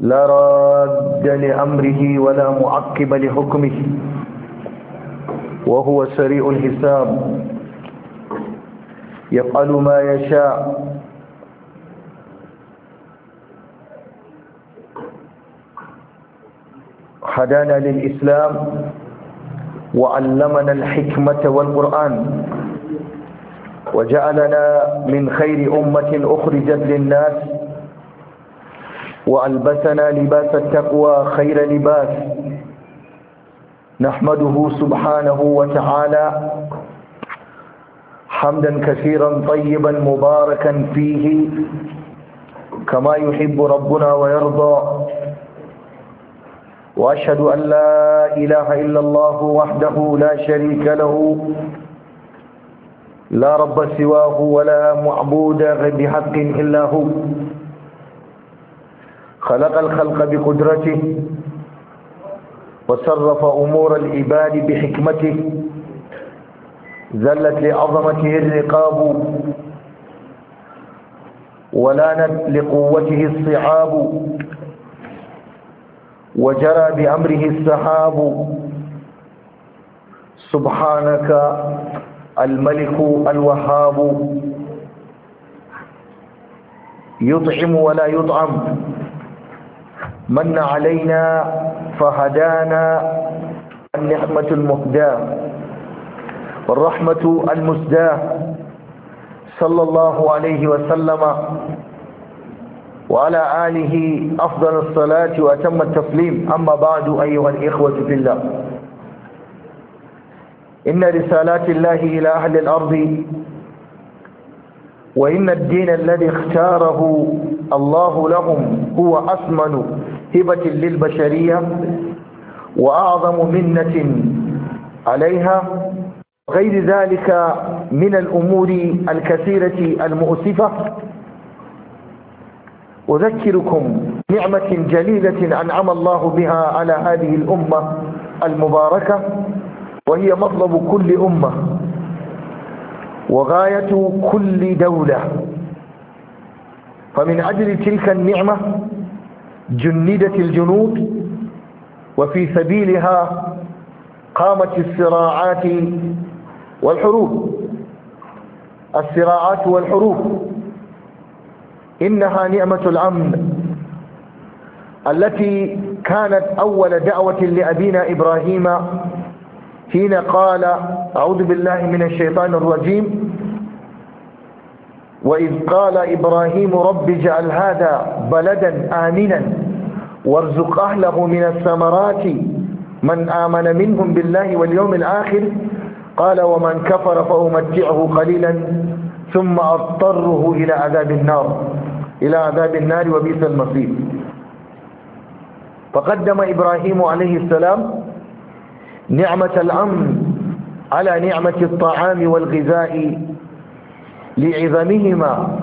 لا راد لأمره ولا معقب لحكمه وهو سريع الحساب يفعل ما يشاء هدانا للإسلام وعلمنا الحكمة والقرآن وجعلنا من خير أمة أخرجت للناس وألبسنا لباس التقوى خير لباس نحمده سبحانه وتعالى حمدا كثيرا طيبا مباركا فيه كما يحب ربنا ويرضى وأشهد أن لا إله إلا الله وحده لا شريك له لا رب سواه ولا معبود بحق إلا هو خلق الخلق بقدرته وصرف أمور العباد بحكمته ذلت لعظمته الرقاب ولانت لقوته الصعاب وجرى بأمره السحاب سبحانك الملك الوهاب يطعم ولا يطعم من علينا فهدانا النعمة المهداة والرحمة المسداة صلى الله عليه وسلم وعلى آله أفضل الصلاة وأتم التسليم أما بعد أيها الإخوة في الله إن رسالات الله إلى أهل الأرض وإن الدين الذي اختاره الله لهم هو أثمن هبة للبشرية وأعظم منة عليها غير ذلك من الأمور الكثيرة المؤسفة أذكركم نعمة جليلة أنعم الله بها على هذه الأمة المباركة وهي مطلب كل أمة وغاية كل دولة فمن أجل تلك النعمة جندت الجنود وفي سبيلها قامت الصراعات والحروب الصراعات والحروب إنها نعمة الأمن التي كانت أول دعوة لأبينا إبراهيم حين قال أعوذ بالله من الشيطان الرجيم وإذ قال إبراهيم رب اجعل هذا بلدا آمنا وارزق أهله من الثمرات من آمن منهم بالله واليوم الآخر قال ومن كفر فأمتعه قليلا ثم أضطره إلى عذاب النار إلى عذاب النار وبئس المصير فقدم إبراهيم عليه السلام نعمة الأمن على نعمة الطعام والغذاء لعظمهما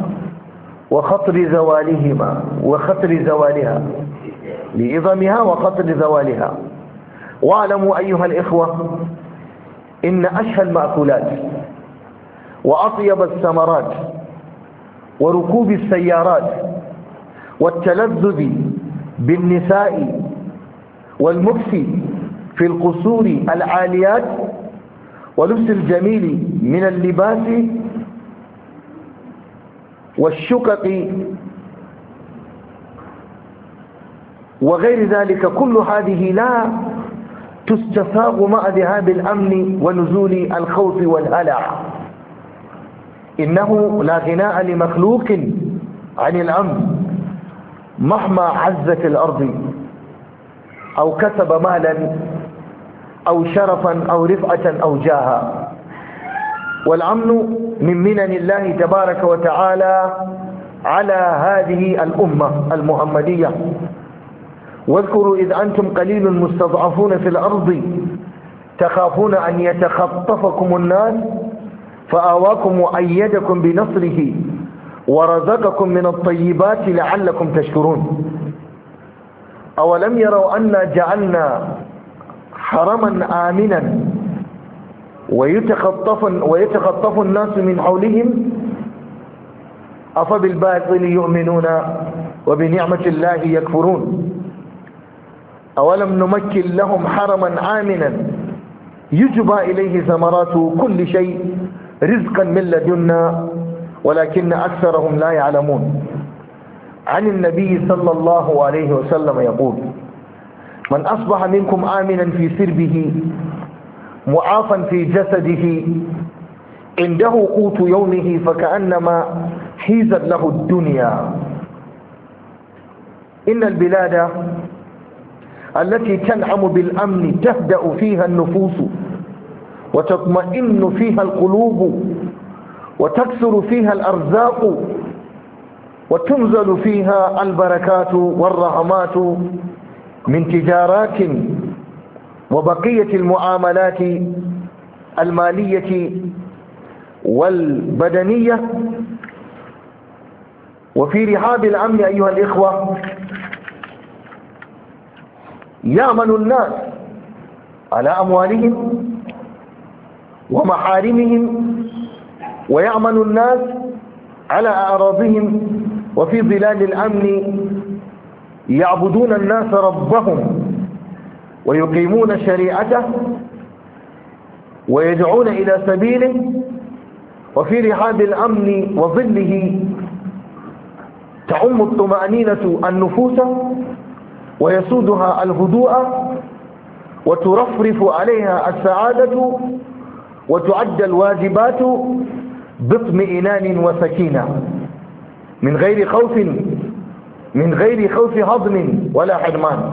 وخطر زوالهما وخطر زوالها لعظمها وخطر زوالها واعلموا أيها الإخوة إن أشهى المأكولات وأطيب الثمرات وركوب السيارات والتلذذ بالنساء والمكسي في القصور العاليات ولبس الجميل من اللباس والشقق وغير ذلك كل هذه لا تستفاق مع ذهاب الأمن ونزول الخوف والهلع إنه لا غناء لمخلوق عن الأمن مهما عزت الأرض أو كسب مالا أو شرفا أو رفعة أو جاها والعمل من منن الله تبارك وتعالى على هذه الأمة المحمدية واذكروا إذ أنتم قليل مستضعفون في الأرض تخافون أن يتخطفكم الناس فآواكم وأيدكم بنصره ورزقكم من الطيبات لعلكم تشكرون أولم يروا أنا جعلنا حرما آمنا ويتخطف, ويتخطف الناس من حولهم أفبالباطل يؤمنون وبنعمة الله يكفرون أولم نمكن لهم حرما آمنا يجبى إليه ثمرات كل شيء رزقا من لدنا ولكن أكثرهم لا يعلمون عن النبي صلى الله عليه وسلم يقول من أصبح منكم آمنا في سربه معافا في جسده عنده قوت يومه فكأنما حيزت له الدنيا إن البلاد التي تنعم بالأمن تهدأ فيها النفوس وتطمئن فيها القلوب وتكثر فيها الأرزاق وتنزل فيها البركات والرحمات من تجارات وبقية المعاملات المالية والبدنية وفي رحاب الأمن أيها الإخوة يعمل الناس على أموالهم ومحارمهم ويعمل الناس على أعراضهم وفي ظلال الأمن يعبدون الناس ربهم ويقيمون شريعته ويدعون إلى سبيله وفي رحاب الأمن وظله تعم الطمأنينة النفوس ويسودها الهدوء وترفرف عليها السعادة وتعد الواجبات باطمئنان وسكينة من غير خوف من غير خوف هضم ولا حرمان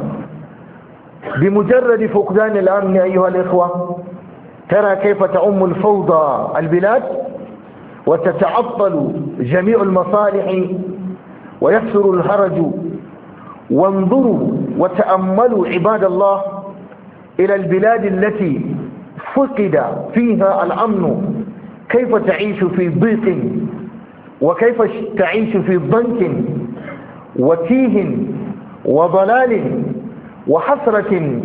بمجرد فقدان الأمن أيها الإخوة ترى كيف تعم الفوضى البلاد وتتعطل جميع المصالح ويكثر الهرج وانظروا وتأملوا عباد الله إلى البلاد التي فقد فيها الأمن كيف تعيش في ضيق وكيف تعيش في ضنك وتيه وضلال وحسرة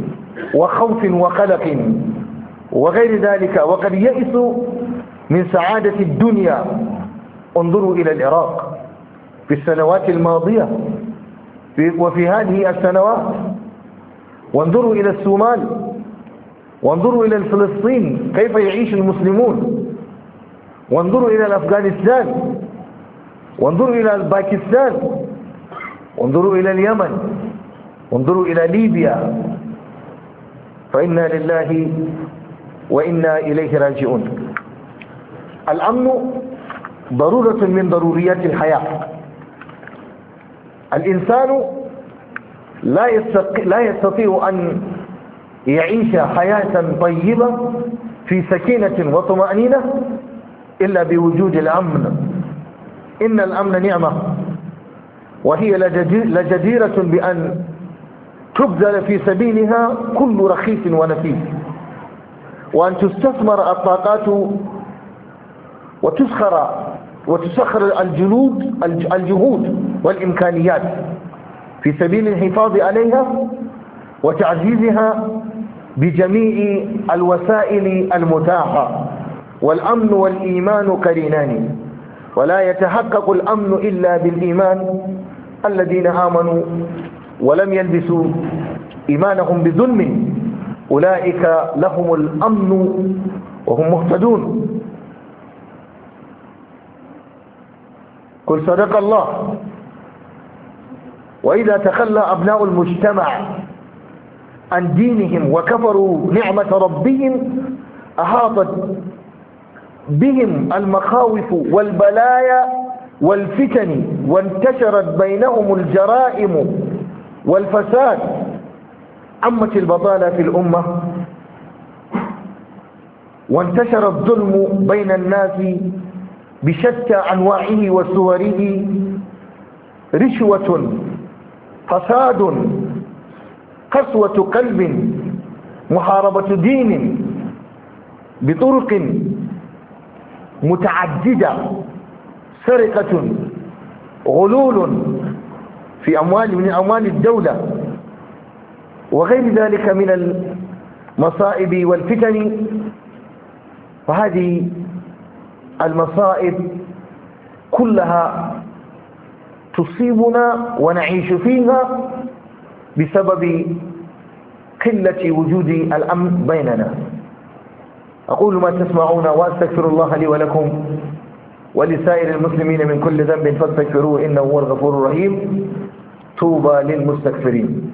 وخوف وقلق وغير ذلك وقد يئسوا من سعادة الدنيا انظروا إلى العراق في السنوات الماضية وفي هذه السنوات وانظروا إلى الصومال وانظروا إلى فلسطين كيف يعيش المسلمون وانظروا إلى أفغانستان وانظروا إلى الباكستان انظروا إلى اليمن انظروا إلى ليبيا فإنا لله وإنا إليه راجعون الأمن ضرورة من ضروريات الحياة الإنسان لا يستطيع, لا يستطيع أن يعيش حياة طيبة في سكينة وطمأنينة إلا بوجود الأمن إن الأمن نعمة وهي لجديرة بأن تبذل في سبيلها كل رخيص ونفيس وأن تستثمر الطاقات وتسخر وتسخر الجنود الجهود والإمكانيات في سبيل الحفاظ عليها وتعزيزها بجميع الوسائل المتاحة والأمن والإيمان قرينان ولا يتحقق الأمن إلا بالإيمان الذين آمنوا ولم يلبسوا إيمانهم بظلم أولئك لهم الأمن وهم مهتدون قل صدق الله وإذا تخلى أبناء المجتمع عن دينهم وكفروا نعمة ربهم أحاطت بهم المخاوف والبلايا والفتن وانتشرت بينهم الجرائم والفساد عمت البطالة في الأمة وانتشر الظلم بين الناس بشتى أنواعه وصوره رشوة فساد قسوة قلب محاربة دين بطرق متعددة سرقة غلول في أموال من أموال الدولة وغير ذلك من المصائب والفتن فهذه المصائب كلها تصيبنا ونعيش فيها بسبب قلة وجود الأمن بيننا أقول ما تسمعون وأستغفر الله لي ولكم ولسائر المسلمين من كل ذنب فاستغفروه إنه هو الغفور الرحيم طوبى للمستغفرين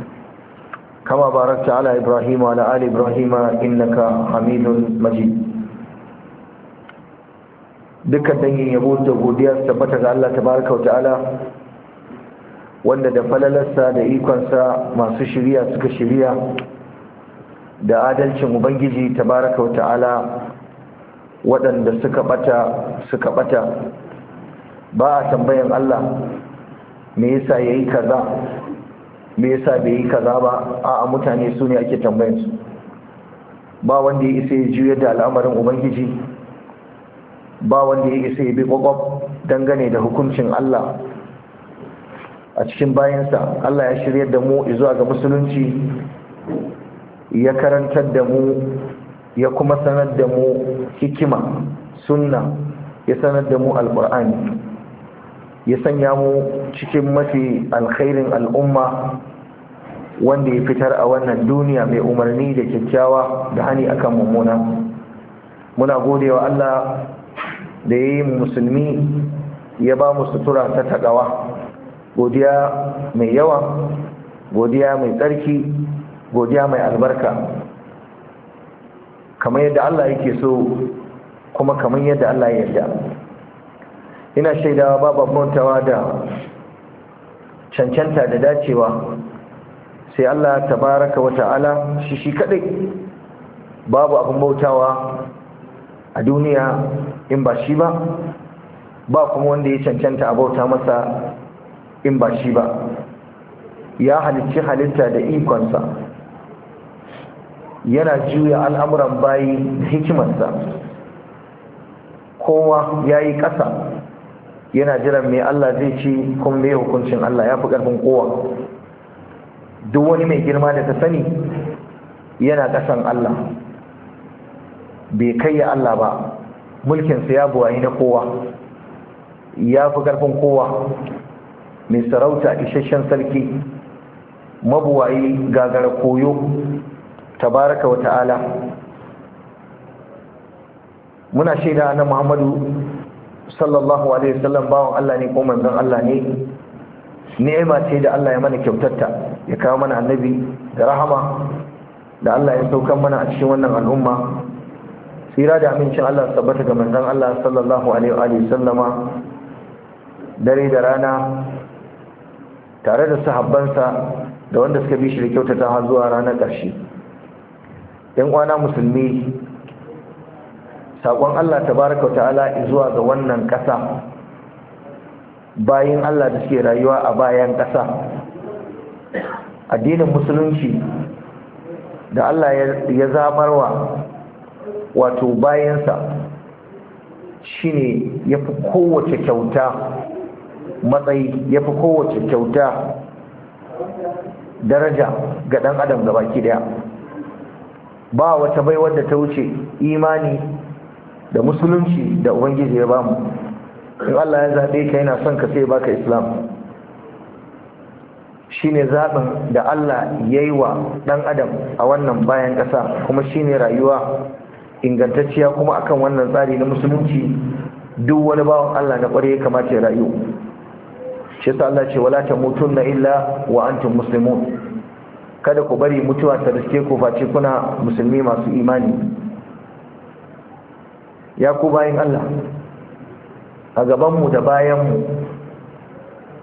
كما باركت على إبراهيم وعلى آل إبراهيم إنك حميد مجيد dukkan dangin yabo da godiya tabbata ga Allah wanda da falalarsa da ikonsa masu shiriya suka shiriya da adalcin ubangiji tabaraka waɗanda suka bata suka bata ba a tambayan Allah me yasa yayi kaza me yasa bai yi kaza ba a mutane su ne ake tambayin su ba wanda ya isa ya juyar da al'amarin ubangiji ba wanda ya isa ya bi kwakwab dangane da hukuncin Allah a cikin bayansa Allah ya shirya da mu zuwa ga musulunci ya karantar da mu ya kuma sanar da mu hikima sunna ya sanar da mu alkur'ani ya sanya mu cikin mafi alkhairin al'umma wanda ya fitar a wannan duniya mai umarni da kyakkyawa da hani akan mummuna muna gode wa Allah da ya yi musulmi ya ba mu sutura ta taɗawa godiya mai yawa godiya mai tsarki godiya mai albarka kamar yadda Allah yake so kuma kamar yadda Allah ya yarda ina shaidawa babu mantawa da cancanta da dacewa sai Allah tabaraka wa ta'ala shi shi kadai babu abin bautawa a duniya in ba shi ba ba kuma wanda ya cancanta a bauta masa in ba shi ba ya halicci halitta da ikonsa yana juya al'amuran bayi hikimarsa kowa ya yi ƙasa yana jiran mai Allah zai ci kuma mai hukuncin Allah ya fi ƙarfin kowa duk wani mai girma da ta sani yana kasan Allah bai kai ya Allah ba mulkinsa ya buwayi na kowa ya fi ƙarfin kowa mai sarauta isasshen sarki mabuwayi gagara koyo tabaraka wa ta'ala muna shaida na muhammadu sallallahu alaihi wasallam bawan Allah ne ko manzon Allah ne ni'ima ce da Allah ya mana kyautarta ya kawo mana annabi da rahama da Allah ya saukan mana a cikin wannan al'umma tsira da amincin Allah tabbata ga manzon Allah sallallahu alaihi wa sallama dare da rana tare da sahabbansa da wanda suka bi shi da kyautata har zuwa ranar ƙarshe yan uwana musulmi saƙon Allah tabaraka ta'ala zuwa ga wannan ƙasa bayan Allah da suke rayuwa a bayan ƙasa addinin musulunci da Allah ya zamarwa wato bayansa shine ya fi kowace kyauta matsayi ya fi kowace kyauta daraja ga ɗan adam baki daya ba wata bai wadda ta wuce imani da musulunci da ubangiji ya bamu in Allah ya zaɓe ka yana son ka sai baka islam shine zaɓin da Allah ya yi wa ɗan adam a wannan bayan ƙasa kuma shine rayuwa ingantacciya kuma akan wannan tsari na musulunci duk wani bawan Allah na ƙware ya kamata ya rayu shi sa Allah ce wala ta na illa wa antum muslimun kada ku bari mutuwa ta riske ku face kuna musulmi masu imani ya ku bayan Allah a gabanmu da bayanmu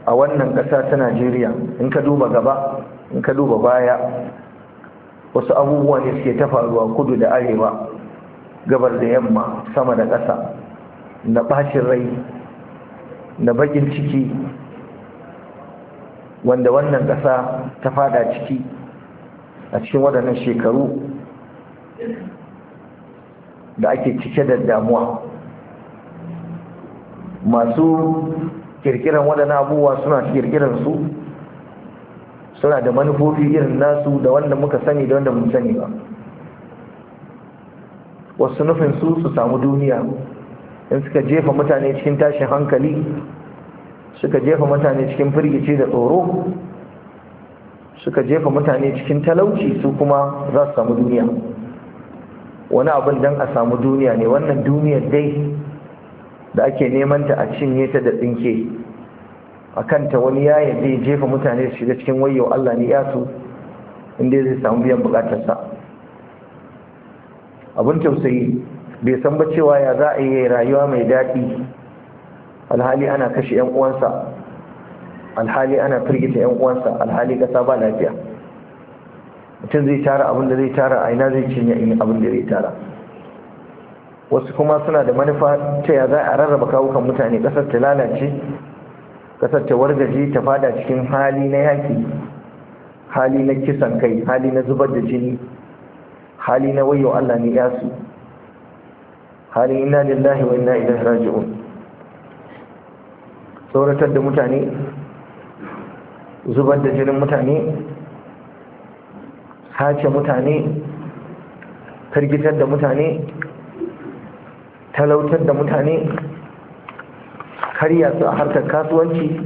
a wannan ƙasa ta najeriya in ka duba gaba in ka duba baya wasu abubuwa ne suke ta faruwa kudu da arewa gabar da yamma sama da ƙasa na ɓacin rai na bakin ciki wanda wannan ƙasa ta fada ciki a cikin waɗannan shekaru da ake cike da damuwa masu kirkiran waɗannan abubuwa suna kirkiran su suna da manufofi irin nasu da wanda muka sani da wanda mun sani ba wasu nufin su su samu duniya in suka jefa mutane cikin tashin hankali suka jefa mutane cikin firgici da tsoro suka jefa mutane cikin talauci su kuma za su samu duniya wani abin don a samu duniya ne wannan duniyar dai da ake neman ta a cinye ta da tsinke a kanta wani ya yaje jefa mutane su shiga cikin wayo Allah ne ya su inda zai samu biyan bukatarsa abin tausayi bai san ba cewa ya za a yi rayuwa mai daɗi alhali ana kashe 'yan uwansa alhali ana firgita 'yan uwansa alhali ƙasa ba lafiya mutum zai tara abin da zai tara a ina zai cinye abin da zai tara wasu kuma suna da manufa ta ya za a rarraba kawukan mutane ƙasar ta lalace ƙasar ta wargaji, ta fada cikin hali na yaƙi hali na kisan kai hali na zubar da jini hali na wayo Allah ne yasu hali ina lillahi wa ina ilaihi raji'un tsoratar da mutane zubar da jinin mutane sace mutane firgitar da mutane talautar da mutane karya su a harkar kasuwanci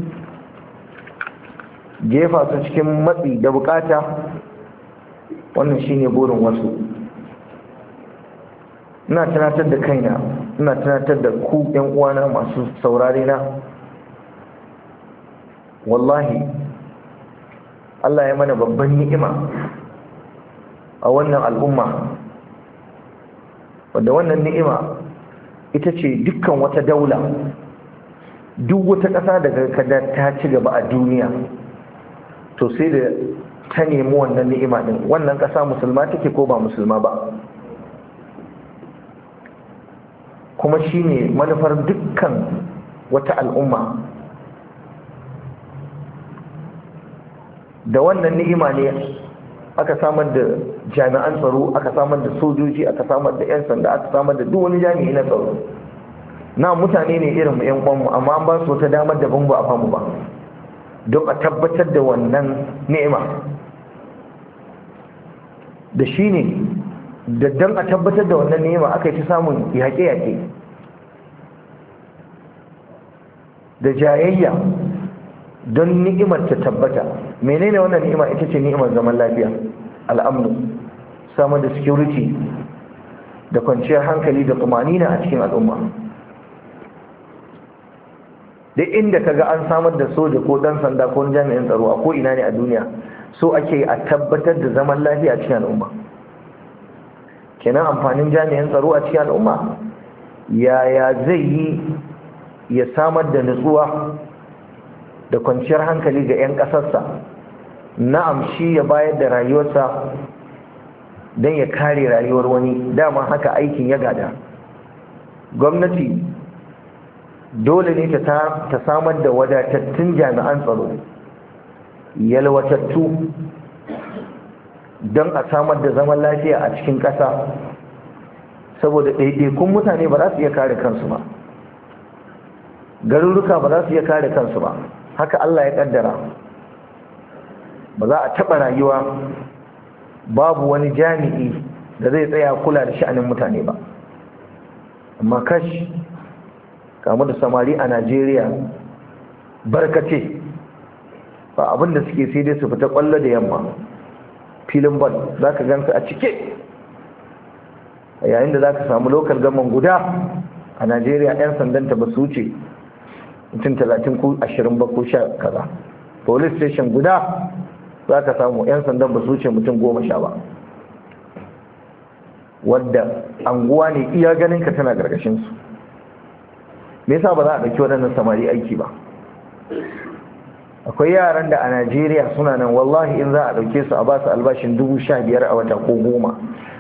jefa su cikin matsi da bukata wannan shine burin wasu ina tunatar da kaina ina tunatar da ku yan uwana masu saurare na wallahi Allah ya mana babban ni'ima a wannan al'umma wadda wannan ni'ima ita ce dukkan wata daula duk wata ƙasa daga kada ta ci gaba a duniya to sai da ta nemi wannan ni'ima din wannan ƙasa musulma take ko ba musulma ba kuma shi ne manufar dukkan wata al'umma da wannan ni'ima ne aka samar da jami'an tsaro aka samar da sojoji aka samar da 'yan sanda aka samar da duk wani jami'i na tsaro na mutane ne irin mu 'yan kwanmu amma an ba su wata damar da bambu a famu ba don a tabbatar da wannan ni'ima da shi ne da don a tabbatar da wannan ni'ima aka yi ta samun yaƙe-yaƙe da jayayya don ni'imar ta tabbata menene wannan ni'ima ita ce ni'imar zaman lafiya al'amnu samar da security da kwanciyar hankali da tumanina a cikin al'umma da inda ka ga an samar da soja ko dan sanda ko jami'in tsaro a koina ne a duniya so ake a tabbatar da zaman lafiya a cikin al'umma kenan amfanin jami'in tsaro a cikin al'umma yaya zai yi ya samar da nutsuwa da kwanciyar hankali ga 'yan ƙasarsa na'am shi ya bayar da rayuwarsa don ya kare rayuwar wani dama haka aikin ya gada gwamnati dole ne ta samar da wadatattun jami'an tsaro yalwatattu don a samar da zaman lafiya a cikin ƙasa saboda ɗaiɗaikun mutane ba za su iya kare kansu ba garuruka ba za su iya kare kansu ba haka Allah ya kaddara ba za a taɓa rayuwa babu wani jami'i da zai tsaya kula da sha'anin mutane ba amma kashi kamu da samari a najeriya barkace ba abinda suke sai dai su fita kwallo da yamma filin ball za ka ganka a cike yayin da za ka samu lokal gaman guda a najeriya 'yan sandanta ba su wuce mutum talatin ko ashirin ba ko sha kaza police station guda za ka samu 'yan sandan ba su wuce mutum goma sha ba wadda anguwa ne iya ganin ka tana gargashinsu me yasa ba za a ɗauki waɗannan samari aiki ba akwai yaran da a najeriya suna nan wallahi in za a ɗauke su a ba su albashin dubu sha biyar a wata ko goma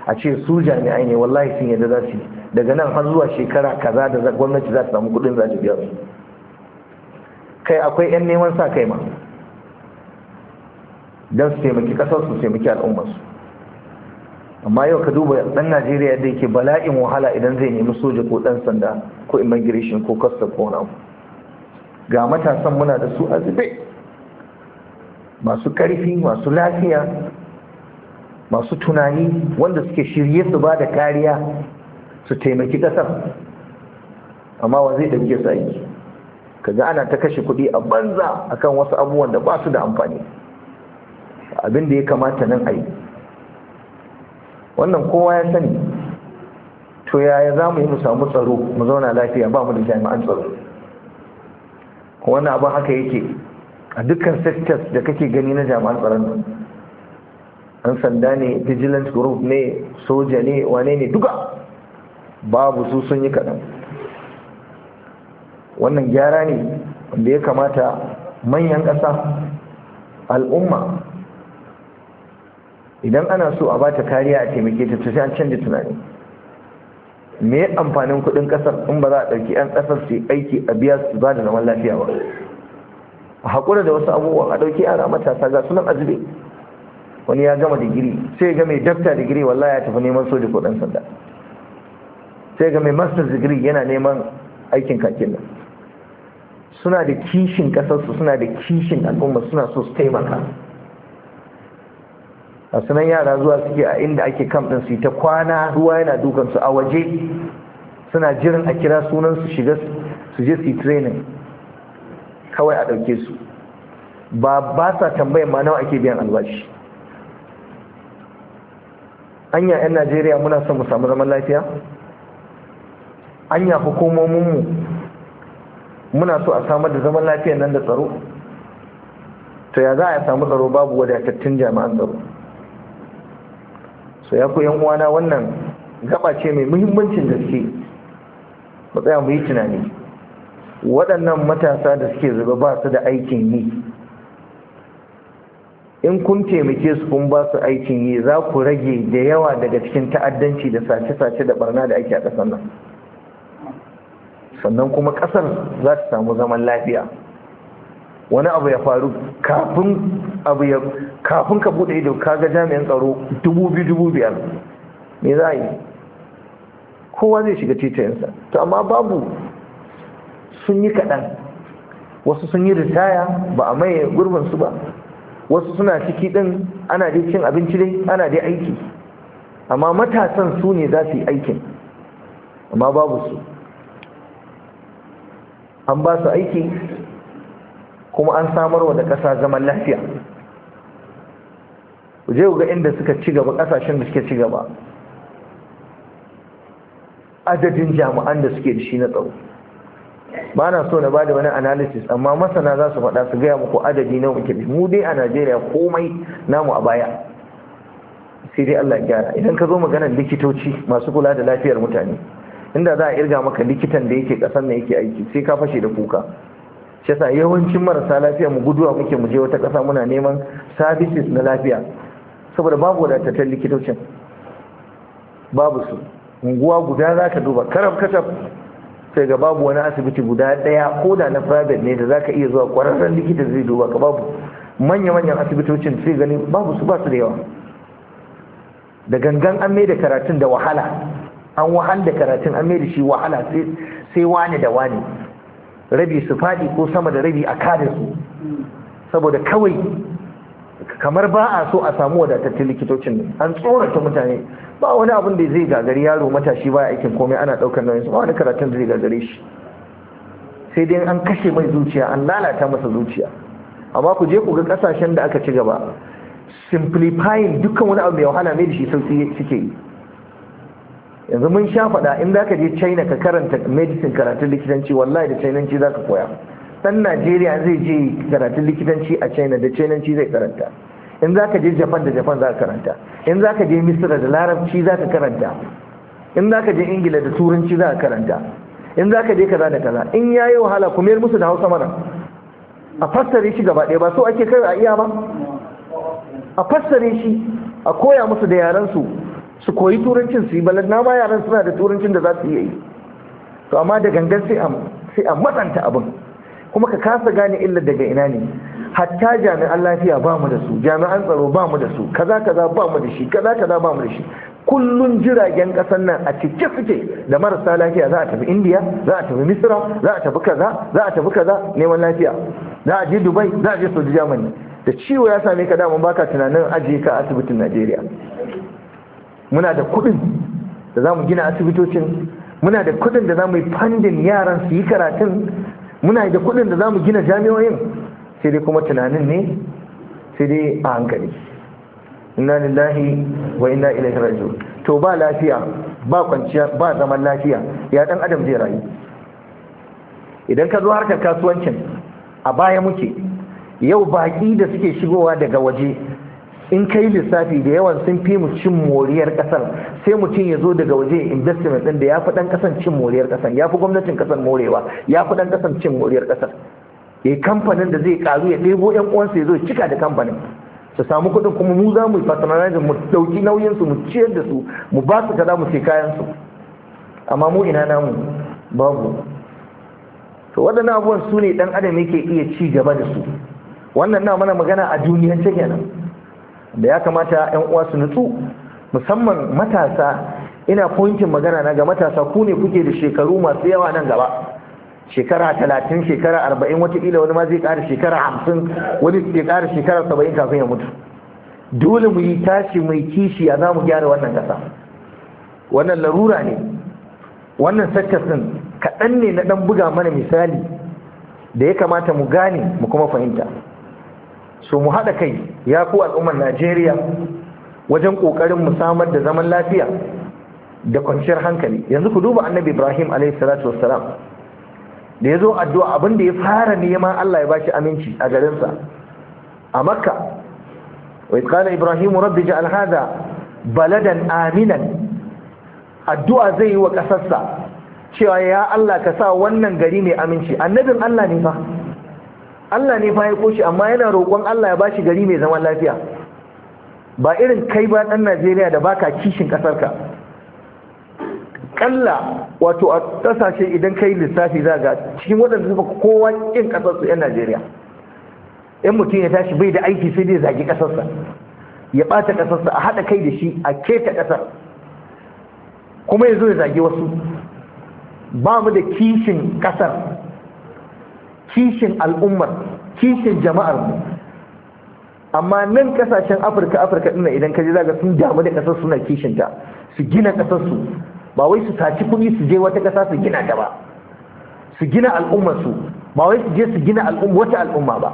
a ce su jami'ai ne wallahi sun yadda za su yi. daga nan har zuwa shekara kaza da gwamnati za ta samu kuɗin za ta biya su kai akwai 'yan neman sa kai ma don su taimaki kasarsu su taimaki al'ummarsu amma yau ka duba ɗan najeriya da yake bala'in wahala idan zai nemi soja ko ɗan sanda ko immigration ko kasta ko wani ga matasan muna da su azube masu ƙarfi masu lafiya masu tunani wanda suke shirye su ba da kariya su taimaki ƙasar amma wa zai ɗauke su aiki kaga ana ta kashe kuɗi a banza akan wasu abubuwan da ba su da amfani abin da ya kamata nan a yi wannan kowa ya sani to yaya za mu yi mu samu tsaro mu zauna lafiya ba mu da jami'an tsaro wannan abin haka yake a dukkan sectors da kake gani na jami'an tsaron an sanda ne vigilance group ne soja ne wane ne duka babu su sun yi kaɗan wannan gyara ne wanda ya kamata manyan ƙasa al'umma idan ana so a bata kariya a taimake ta sai an canza tunani me amfanin kudin kasar in ba za a ɗauki 'yan kasar su aiki a biya su ba da zaman lafiya ba a haƙura da wasu abubuwan, a ɗauki yara matasa ga sunan azube wani ya gama digiri sai ga mai dafta digiri walla ya tafi neman soja ko ɗan sanda sai ga mai master digiri yana neman aikin kakin nan suna da kishin kasarsu suna da kishin al'umma suna so su taimaka a sunan yara zuwa suke a inda ake kamɗin su ta kwana ruwa yana dukansu a waje suna jirin a kira sunan su shiga su je su yi training kawai a ɗauke su ba ba sa tambayin ma nawa ake biyan albashi anya 'yan najeriya muna son mu samu zaman lafiya anya hukumominmu muna so a samar da zaman lafiyar nan da tsaro to ya za a samu tsaro babu wadatattun jami'an tsaro so ya ku yan uwana wannan gaba ce mai muhimmancin gaske mu tsaya mu yi tunani waɗannan matasa da suke zuba ba su da aikin yi in kun taimake su kun ba su aikin yi za ku rage da yawa daga cikin ta'addanci da sace-sace da barna da ake a ƙasar nan sannan kuma ƙasar za ta samu zaman lafiya wani abu ya faru kafin abu ya kafin ka bude ido kaga jami'an tsaro dubu biyu dubu biyar me za a yi kowa zai shiga titayensa to amma babu sun yi kaɗan wasu sun yi ritaya ba a maye gurbinsu ba wasu suna ciki ɗin ana dai cin abinci dai ana dai aiki amma matasan su ne za su yi aikin amma babu su an ba su aiki kuma an samarwa da ƙasa zaman lafiya je ga inda suka ci gaba ƙasashen da suke ci gaba adadin jami'an da suke da shi na tsawo. ba na so na ba da wani analysis amma masana za su faɗa su gaya muku adadi na muke mu dai a najeriya komai namu a baya sai dai allah gyara idan ka zo maganar likitoci masu kula da lafiyar mutane inda za a irga maka likitan da yake kasan da yake aiki sai ka fashe da kuka shi yasa yawancin marasa lafiya mu guduwa muke muje wata kasa muna neman services na lafiya saboda babu wadatattun likitocin babu su unguwa guda za ka duba karam kashaf sai ga babu wani asibiti guda daya ko da na private ne da za ka iya zuwa kwararren likita zai duba ka babu manya-manyan asibitocin sai gani babu su ba su da yawa da gangan an mai da karatun da wahala an wahanda karatun an da shi wahala sai wane da wane rabi su faɗi ko sama da rabi a kada su saboda kawai kamar ba a so a samu wadatattun likitocin an tsorata mutane ba wani abin da zai gagari yaro matashi ba aikin komai ana ɗaukar su ba wani karatun zai gagare shi sai dai an kashe mai zuciya an lalata masa zuciya amma ku je ku ga kasashen da aka ci gaba simplifying dukkan wani abu mai wahala mai da shi sauki suke yi yanzu mun sha faɗa in za ka je china ka karanta medicine karatun likitanci wallahi da chinanci za ka koya dan najeriya zai je karatun likitanci a china da chinanci zai karanta in za ka je japan da japan za ka karanta in za ka je misira da larabci za ka karanta in za ka je ingila da turanci za ka karanta in za ka je kaza da kaza in ya yi wahala ku mayar musu da hausa mana a fassare shi gaba ɗaya ba so ake kai a iya ba a fassare shi a koya musu da yarensu su koyi turancin su yi balas na ba yaran suna da turancin da za su yi to amma da gangan sai a matsanta abin kuma ka kasa gane illar daga ina ne hatta jami'an lafiya ba mu da su jami'an tsaro ba mu da su kaza kaza ba mu da shi kaza kaza ba mu da shi kullun jiragen kasan nan a cike suke da marasa lafiya za a tafi indiya za a tafi Misira, za a tafi kaza za a tafi kaza neman lafiya za a je dubai za a je saudi germany da ciwo ya same ka daman baka tunanin ajiye ka a asibitin najeriya muna da kuɗin da za mu gina asibitocin muna da kuɗin da za mu yi fandin yaran su yi karatun muna da kuɗin da za mu gina jami'o'in sai dai kuma tunanin ne sai dai a hankali inna lillahi wa inna ilaihi raji'un to ba lafiya ba kwanciya ba zaman lafiya ya dan adam zai rayu idan ka zo harkar kasuwancin a baya muke yau baƙi da suke shigowa daga waje in kai lissafi da yawan sun fi mu cin moriyar kasar sai mutum ya zo daga waje investment din da ya fi dan kasan cin moriyar kasar ya fi gwamnatin kasar morewa ya fi dan kasan cin moriyar kasar ya eh, kamfanin da zai karu ya ɗebo yan uwansa ya zo cika da kamfanin su samu kuɗin kuma mu za mu yi patronizing mu ɗauki nauyin su mu ciyar da su mu ba su kaza mu sai kayan su amma mu ina namu babu to waɗannan abubuwan su ne ɗan adam yake iya ci gaba da su wannan na mana magana a duniyar ce kenan da ya kamata 'yan uwa su nutsu musamman matasa ina pointin magana na ga matasa ku ne kuke da shekaru masu yawa nan gaba shekara talatin shekara arba'in watakila wani ma zai kara shekara hamsin wani zai kara shekara saba'in kafin ya mutu dole mu yi tashi mai kishi a za gyara wannan kasa. wannan larura ne wannan sakkasin kaɗan ne na ɗan buga mana misali da ya kamata mu gane mu kuma fahimta su mu haɗa kai ya ku al'ummar najeriya wajen ƙoƙarin mu samar da zaman lafiya da kwanciyar hankali yanzu ku duba annabi ibrahim alaihi da ya zo addu'a abin da ya fara nema allah ya bashi aminci a garinsa a makka wa qala ibrahim rabbi ji hadha baladan aminan addu'a zai yi wa ƙasarsa cewa ya allah ka sa wannan gari mai aminci annabin allah ne fa Allah ne fa ya koshi amma yana roƙon Allah ya bashi gari mai zaman lafiya ba irin kai ba ɗan Najeriya da baka kishin ƙasarka kalla wato a ƙasashe idan kai lissafi za ga cikin waɗanda suka kowa ƙin ƙasarsu 'yan Najeriya in mutum ya tashi bai da aiki sai dai zagi ƙasarsa ya ɓata ƙasarsa a haɗa kai da shi a keta ƙasar kuma ya zo ya zagi wasu ba mu da kishin ƙasar kishin al'ummar kishin jama'ar mu amma nan kasashen afirka afirka ɗin idan ka je zaga sun damu da ƙasar suna kishinta su gina ƙasarsu, su ba wai su saci kuɗi su je wata ƙasa su gina ta ba su gina al'ummar su ba wai su je su gina al'umma wata al'umma ba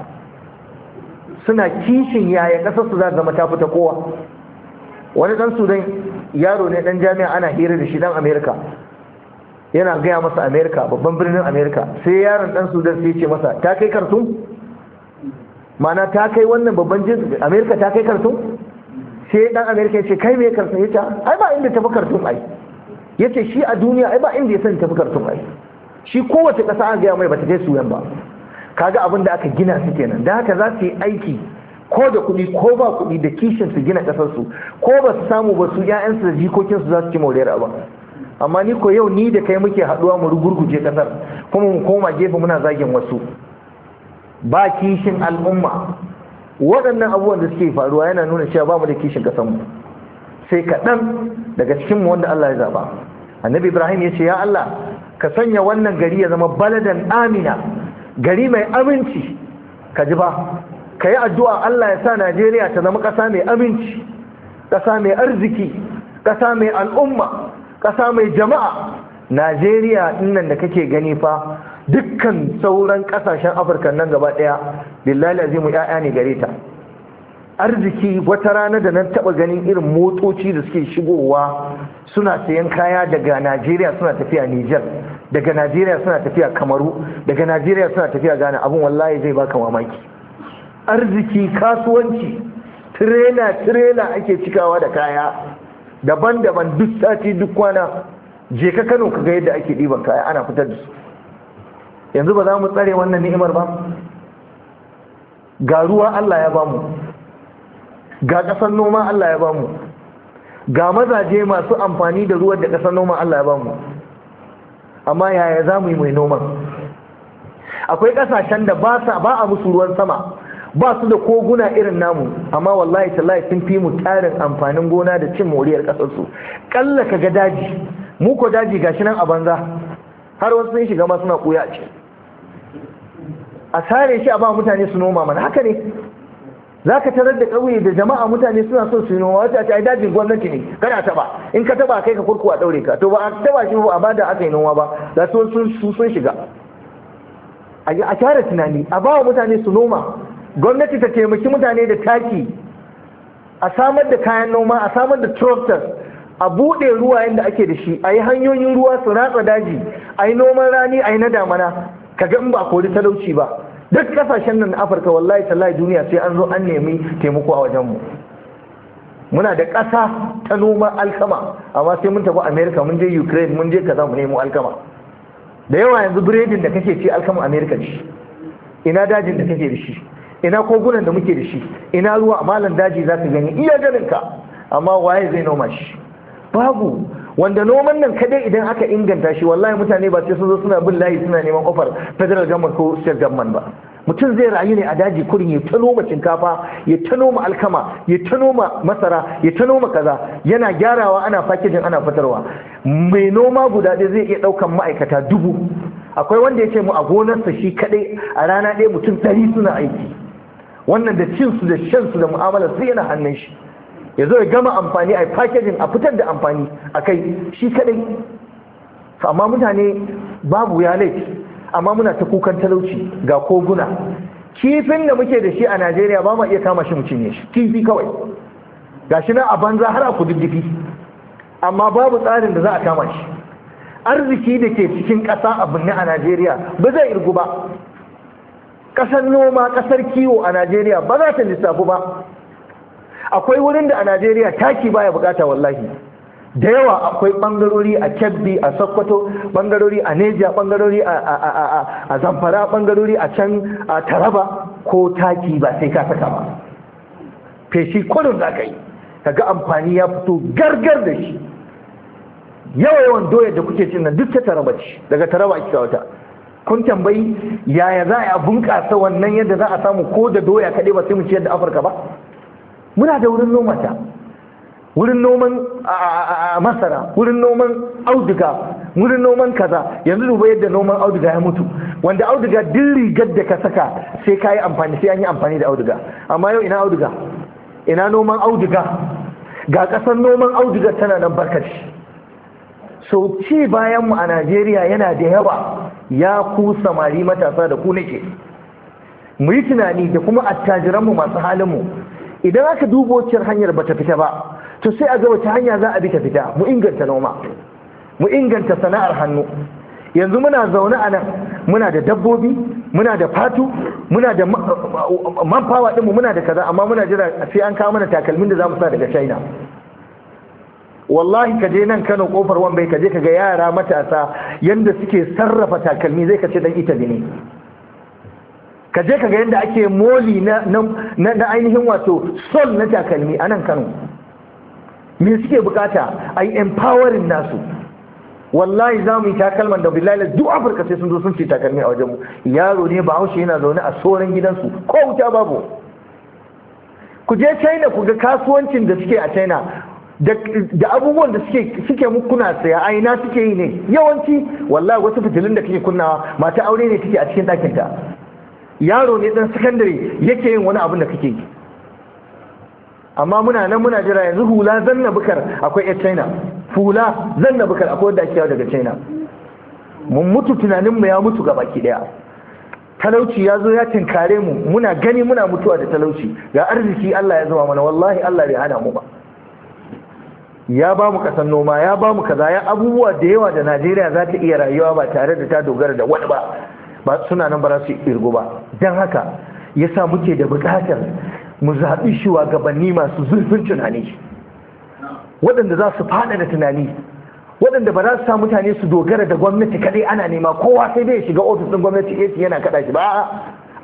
suna kishin yaya ƙasarsu su za ta zama ta fita kowa wani ɗan sudan yaro ne ɗan jami'a ana hira da shi ɗan amerika yana gaya masa amerika babban birnin amerika sai yaron dan sudan sai ce masa ta kai kartun mana ta kai wannan babban jin amerika ta kai kartun sai dan amerika ya ce kai mai kartun ya ce ai ba inda tafi kartun ai ya ce shi a duniya ai ba inda ya sani tafi kartun ai shi kowace ƙasa an gaya mai bata je suyan ba kaga abin da aka gina su kenan da haka za su yi aiki ko da kuɗi ko ba kuɗi da kishin su gina ƙasarsu ko ba su samu ba su 'ya'yansu da jikokinsu za su ci maulera ba amma ni ko yau ni da kai muke haduwa mu rugurguje kasar kuma mu koma gefe muna zagin wasu ba kishin al'umma waɗannan abubuwan da suke faruwa yana nuna cewa ba mu da kishin kasanmu sai kaɗan daga cikin mu wanda Allah ya zaba annabi ibrahim ya ce ya Allah ka sanya wannan gari ya zama baladan amina gari mai aminci ka ji ba ka yi addu'a Allah ya sa Najeriya ta zama ƙasa mai aminci ƙasa mai arziki ƙasa mai al'umma ƙasa mai jama'a najeriya nan da kake gani fa dukkan sauran ƙasashen afirka nan gaba ɗaya lillahi azimu ya'ya ne gare ta arziki wata rana da nan taɓa ganin irin motoci da suke shigowa suna sayan kaya daga najeriya suna tafiya nijar daga najeriya suna tafiya kamaru daga najeriya suna tafiya ghana abin wallahi zai baka mamaki arziki kasuwanci tirela tirela ake cikawa da kaya daban-daban duk sati duk kwana je ka kano ka ga yadda ake ɗiban kaya ana fitar da su yanzu ba za mu tsare wannan ni'imar ba ga ruwa Allah ya bamu ga ƙasar noma Allah ya bamu ga mazaje masu amfani da ruwan da ƙasar noma Allah ya bamu amma yaya za mu yi mai noman akwai ƙasashen da ba a musu ruwan sama ba su da koguna irin namu amma wallahi tallahi sun fi mu tarin amfanin gona da cin moriyar su. Kalla ka ga daji mu ko daji gashi nan a banza har wasu sun shiga ma suna koya a ciki a sare shi a ba mutane su noma mana haka ne za ka tarar da ƙauye da jama'a mutane suna so su yi noma wata a dajin gwamnati ne kana taɓa in ka taɓa kai ka kurkuwa ɗaure ka to ba a taɓa shi ba a bada aka yi noma ba da su sun shiga a gyara tunani a ba mutane su noma gwamnati ta taimaki mutane da taki a samar da kayan noma a samar da tractors a buɗe ruwa yadda ake da shi a yi hanyoyin ruwa su ratsa daji a yi noman rani a yi na damana ka ga ba ba kori talauci ba duk kasashen nan na afirka wallahi tallahi duniya sai an zo an nemi taimako a wajenmu muna da ƙasa ta noma alkama amma sai mun tafi Amerika mun je ukraine mun je kaza mu nemo alkama da yawa yanzu biredin da kake ci alkama Amerika ce ina dajin da kake da shi ina kogunan da muke da shi ina ruwa a malan daji za ka gani iya ka. amma waye zai noma shi babu wanda noman nan kadai idan aka inganta shi wallahi mutane ba sai sun zo suna bin layi suna neman ofar federal government ko state government ba mutum zai rayu ne a daji kurin ya ta noma shinkafa ya ta noma alkama ya ta noma masara ya ta noma kaza yana gyarawa ana fakijin ana fitarwa mai noma guda ɗaya zai iya ɗaukan ma'aikata dubu akwai wanda ya ce mu a gonarsa shi kadai a rana ɗaya mutum ɗari suna aiki wannan da cin su da shan su da mu'amala su yana hannun shi ya zo ya gama amfani a packaging a fitar da amfani a kai shi kadai amma mutane babu ya laifi amma muna ta kukan talauci ga koguna kifin da muke da shi a najeriya ba mu iya kama shi mu cinye shi kifi kawai Ga shi na a banza har a kududdufi amma babu tsarin da za a kama shi arziki da ke cikin ƙasa a binne a najeriya ba zai irgu ba ƙasar noma ƙasar kiwo a najeriya ba za ta lissafu ba akwai wurin da a najeriya taki baya bukata wallahi da yawa akwai bangarori a kebbi a sokoto bangarori a neja bangarori a zamfara bangarori a can a taraba ko taki ba sai ka saka ba feshi kwanon za ka yi kaga amfani ya fito gargar da shi yawa yawan doyar da kuke cin nan duk ta taraba ce daga taraba ake wata kun tambayi yaya za a bunƙasa wannan yadda za a samu ko da doya kaɗai ba sai mu ciyar da afirka ba muna da wurin noma ta wurin noman masara wurin noman auduga wurin noman kaza yanzu duba yadda noman auduga ya mutu wanda auduga duk rigar da ka saka sai ka yi amfani sai an yi amfani da auduga amma yau ina auduga ina noman auduga ga ƙasar noman auduga tana nan barkashi sau ce bayanmu a najeriya yana da yawa ya ku samari matasa da ku nake mu yi tunani da kuma attajiranmu masu halinmu idan aka duba wacce hanyar bata fita ba to sai a ga wace hanya za a bi ta fita mu inganta noma mu inganta sana'ar hannu yanzu muna zaune a nan muna da dabbobi muna da fatu muna da manfawa ɗinmu muna da kaza amma muna jira sai an kawo mana takalmin da za mu sa daga china wallahi ka je nan Kano kofar wambai ka je ka ga yara matasa yadda suke sarrafa takalmi zai kace dan ita ne ka je ka ga yadda ake moli na ainihin wato sol na takalmi a nan Kano me suke bukata yi empowering nasu wallahi za mu yi takalman da billahi duk afirka sai sun zo sun ce takalmi a wajenmu yaro ne ba haushe yana zaune a soran gidansu ko wuta babu ku je china ku ga kasuwancin da suke a china da abubuwan da suke kuna saya aina ina suke yi ne yawanci wallahi wasu fitilun da kake kunnawa mata aure ne take a cikin ɗakin yaro ne dan sakandare yake yin wani abin da kake yi amma muna nan muna jira yanzu hula zanna bukar akwai yar china hula zanna bukar akwai wanda ake yawa daga china mun mutu tunanin mu ya mutu ga baki daya talauci ya zo ya tinkare mu muna gani muna mutuwa da talauci ga arziki Allah ya zama mana wallahi Allah bai hana mu ba ya ba mu kasan noma ya ba mu kaza ya abubuwa da yawa da najeriya za ta iya rayuwa ba tare da ta dogara da wani ba ba suna nan ba za su irgu ba don haka ya sa muke da bukatar mu zaɓi shugabanni masu zurfin tunani waɗanda za su faɗa da tunani waɗanda ba za su sa mutane su dogara da gwamnati kadai ana nema kowa sai dai shiga ofis ɗin gwamnati AC yana kaɗa shi ba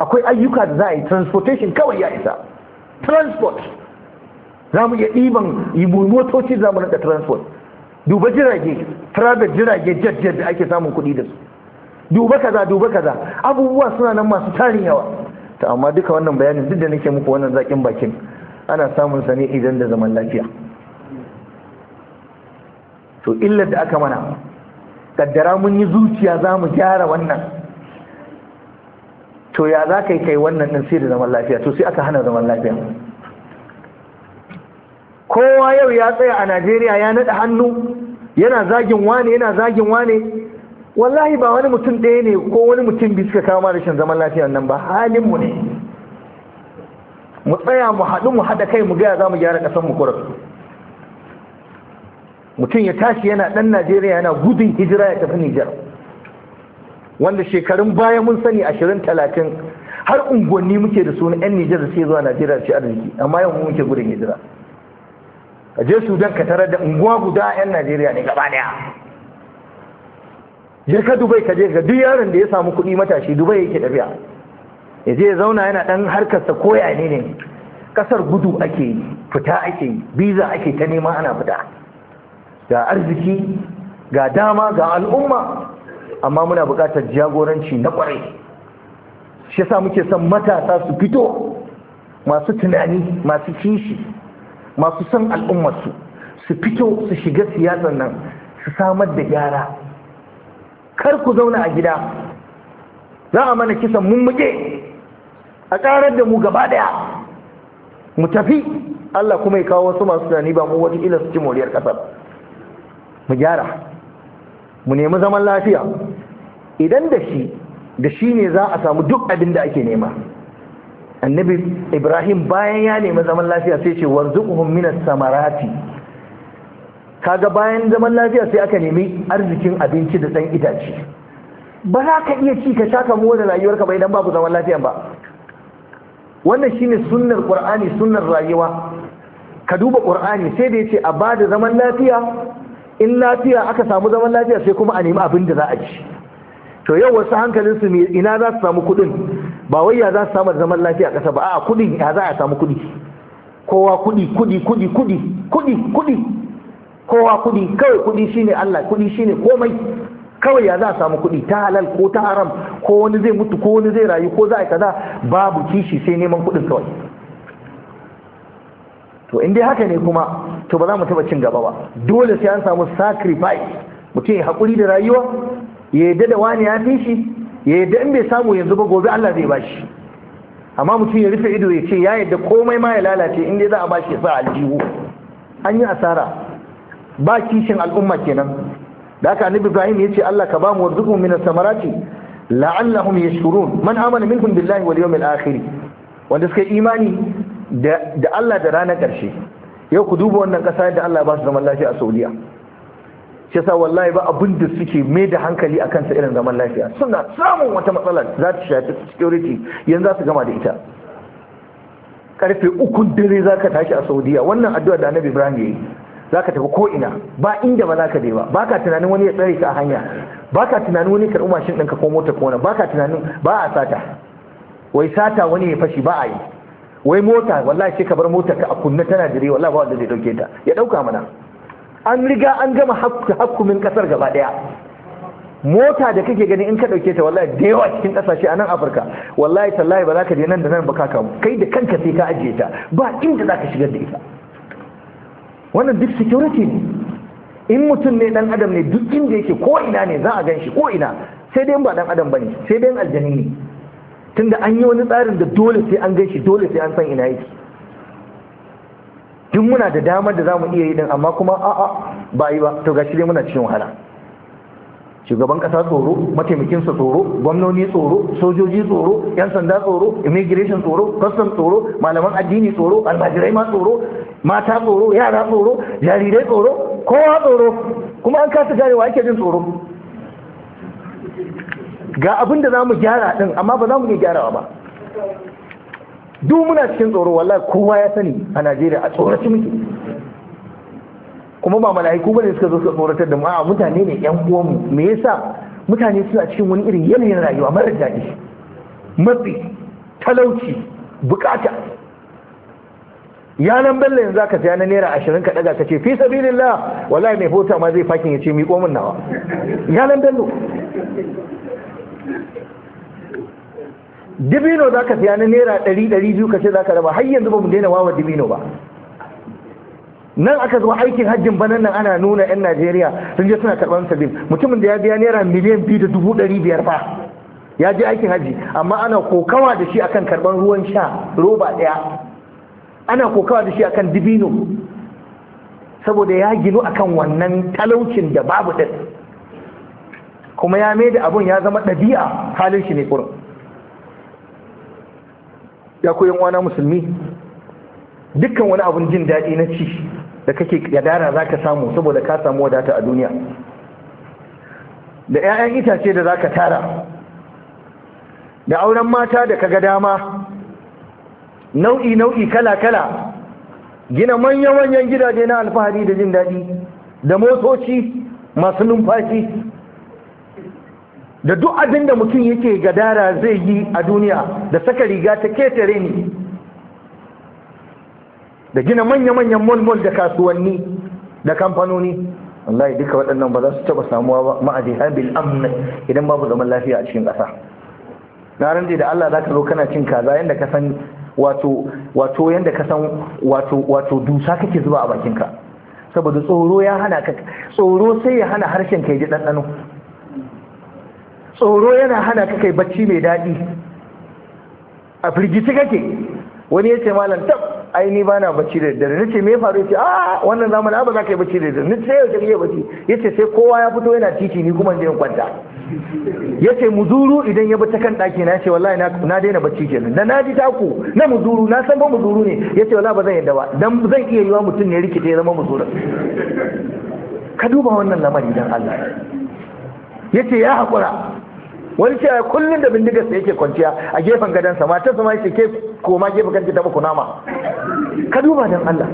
akwai ayyuka da za a yi transportation kawai ya isa transport za mu iya ɗiban motoci za mu rinka transport duba jirage travel jirage jajjar da ake samun kuɗi da su duba kaza duba kaza abubuwa suna nan masu tarin yawa ta amma duka wannan bayanin duk da nake muku wannan zaƙin bakin ana samun sa ne idan da zaman lafiya to illar da aka mana kaddara mun yi zuciya za mu gyara wannan to ya za ka yi kai wannan ɗin sai da zaman lafiya to sai aka hana zaman lafiya kowa yau ya tsaya a najeriya ya naɗa hannu yana zagin wane yana zagin wane wallahi ba wani mutum ɗaya ne ko wani mutum biyu suka da rashin zaman lafiyar nan ba halinmu ne mu tsaya mu haɗu mu haɗa kai mu gaya za mu gyara ƙasar mu kurar mutum ya tashi yana ɗan najeriya yana gudun hijira ya tafi nijar wanda shekarun baya mun sani ashirin talatin har unguwanni muke da su na 'yan nijar da suke zuwa najeriya ce arziki amma yau muke gudun hijira Kaje je sudan ka tarar da unguwa guda 'yan najeriya ne gaba daya je ka dubai ka je ga duk yaron da ya samu kuɗi matashi dubai yake tafiya ya je ya zauna yana ɗan harkarsa koya ne ne ƙasar gudu ake fita ake biza ake ta nema ana fita ga arziki ga dama ga al'umma amma muna buƙatar jagoranci na ƙwarai shi yasa muke son matasa su fito masu tunani masu kishi masu san al'ummarsu su fito su shiga siyasar nan su samar da gyara kar ku zauna a gida za a mana kisan mun muke a karar da mu gaba daya mu tafi Allah kuma ya kawo wasu masu tunani ba mu wata ila su ci moriyar kasar mu gyara mu nemi zaman lafiya idan da shi da shi ne za a samu duk abin da ake nema annabi ibrahim bayan ya nemi zaman lafiya sai ce warzuquhum minas samarati kaga bayan zaman lafiya sai aka nemi arzikin abinci da dan itace ba za ka iya ci ka sha mu da ka ba idan babu zaman lafiya ba wannan shine sunnar qur'ani sunnar rayuwa ka duba qur'ani sai da yace a bada zaman lafiya in lafiya aka samu zaman lafiya sai kuma a nemi abin da za a ci to yau wasu hankalin su ina za su samu kuɗin? ba wai ya za su samu zaman lafiya ƙasa ba a kuɗi ya za a samu kuɗi kowa kuɗi kuɗi kuɗi kuɗi kuɗi kuɗi kowa kuɗi kawai kuɗi shine Allah kuɗi shine komai kawai ya za a samu kuɗi ta halal ko ta haram ko wani zai mutu ko wani zai rayu ko za a kaza babu kishi sai neman kuɗin kawai to in dai haka ne kuma to ba za mu taɓa cin gaba ba dole sai an samu sacrifice mutum ya hakuri da rayuwa ya yadda da wani ya fi shi ya yadda in bai samu yanzu ba gobe Allah zai bashi amma mutum ya rufe ido ya ce ya yadda komai ma ya lalace in dai za a bashi ya sa aljihu an yi asara ba kishin al'umma kenan da aka annabi Ibrahim ya ce Allah ka ba mu warzuqhum min samarati la'allahum yashkurun man amana minkum billahi wal yawmil akhir wanda suka imani da Allah da ranar karshe yau ku duba wannan kasa da Allah ba su zaman lafiya a Saudiya shi yasa wallahi ba abin da suke mai da hankali a kansa irin zaman lafiya suna samun wata matsala za ta shafi security yanzu za su gama da ita karfe ukun dare za ka tashi a saudiya wannan addu'a da annabi ibrahim ya yi za ka tafi ko'ina ba inda ba za ka je ba ba ka tunanin wani ya tsare ka a hanya ba ka tunanin wani karɓi mashin ɗinka ko mota ko ba ka tunanin ba a sata wai sata wani ya fashi ba a yi wai mota wallahi sai ka bar motar ka a kunne tana dire wallahi ba wanda zai dauke ta ya ɗauka mana an riga an gama hakumin kasar gaba daya mota da kake gani in ka dauke ta wallahi da yawa cikin kasashe a nan afirka wallahi tallahi ba za ka je nan da nan ba ka kamu kai da kanka sai ka ajiye ta ba inda za ka shigar da ita wannan duk security ne in mutum ne dan adam ne duk inda yake ko ina ne za a gan shi ko ina sai dai ba dan adam bane sai dai aljani ne tunda an yi wani tsarin da dole sai an gan shi dole sai an san ina yake duk muna da damar da za mu iya yi din amma kuma a'a ba yi ba to ga shi dai muna cikin wahala shugaban kasa tsoro mataimakinsa tsoro gwamnoni tsoro sojoji tsoro yan sanda tsoro immigration tsoro custom tsoro malaman addini tsoro almajirai ma tsoro mata tsoro yara tsoro jarirai tsoro kowa tsoro kuma an kasa garewa ake jin tsoro ga abin da za mu gyara din amma ba za mu iya gyarawa ba duk muna cikin tsoro wallahi kowa ya sani a Najeriya a tsoraci muke kuma ba mala'iku bane suka zo suka tsoratar da mu a mutane ne yan mu me yasa mutane suna cikin wani irin yanayin rayuwa mara daɗi matsi talauci bukata ya nan bello yanzu aka saya na naira ashirin ka daga ka ce fi sabilillah wallahi mai hota ma zai fakin ya ce miƙo min nawa ya nan bello dibino za ka siya na naira ɗari ɗari biyu ka ce za ka raba har yanzu ba mu daina wawa dibino ba nan aka zo aikin hajjin banan nan ana nuna 'yan najeriya sun je suna karɓar sabbin mutumin da ya biya naira miliyan biyu da dubu ɗari biyar fa ya je aikin hajji amma ana kokawa da shi akan karɓar ruwan sha roba ɗaya ana kokawa da shi akan dibino saboda ya ginu akan wannan talaucin da babu ɗin kuma ya mai da abun ya zama ɗabi'a halin shi ne kurin ya koyan wana musulmi dukkan wani abun jin daɗi na ci da kake yadara za ka samu saboda ka samu wadata a duniya da 'ya'yan itace da za ka tara da auren mata da ka ga dama nau'i-nau'i kala-kala gina manyan-manyan gidaje na alfahari da jin daɗi da motoci masu numfashi da duk abin da mutum yake gadara zai yi a duniya da saka riga ta ketare ne da gina manya-manyan mulmul da kasuwanni da kamfanoni wallahi duka waɗannan ba za su taɓa samuwa ba ma'adi habil amna idan babu zaman lafiya a cikin ƙasa na ran da Allah za ka zo kana cin kaza yadda ka san wato yadda ka san wato dusa kake zuba a bakinka saboda tsoro ya hana ka tsoro sai ya hana harshen ka ya ji ɗanɗano tsoro yana hana ka kai bacci mai daɗi a firgici kake wani ya ce malam tab ai ni bana bacci da daddare nace me faru yace a ah, wannan zamanin ba za ka yi bacci da daddare nace yau kake bacci yace sai kowa ya fito yana titi ni kuma je in kwanta yace muzuru idan ya bi ta kan daki na ce wallahi na na daina bacci kenan da na ji taku na muzuru na san ba muzuru ne yace wallahi ba zan yadda ba dan zan iya yiwa mutum ne rikita ya zama muzuru ka duba wannan lamari dan Allah yace ya hakura wani ce kullum da bindigar sa yake kwanciya a gefen gadansa matarsa ma yake ke koma gefen kanki ta muku nama ka duba dan Allah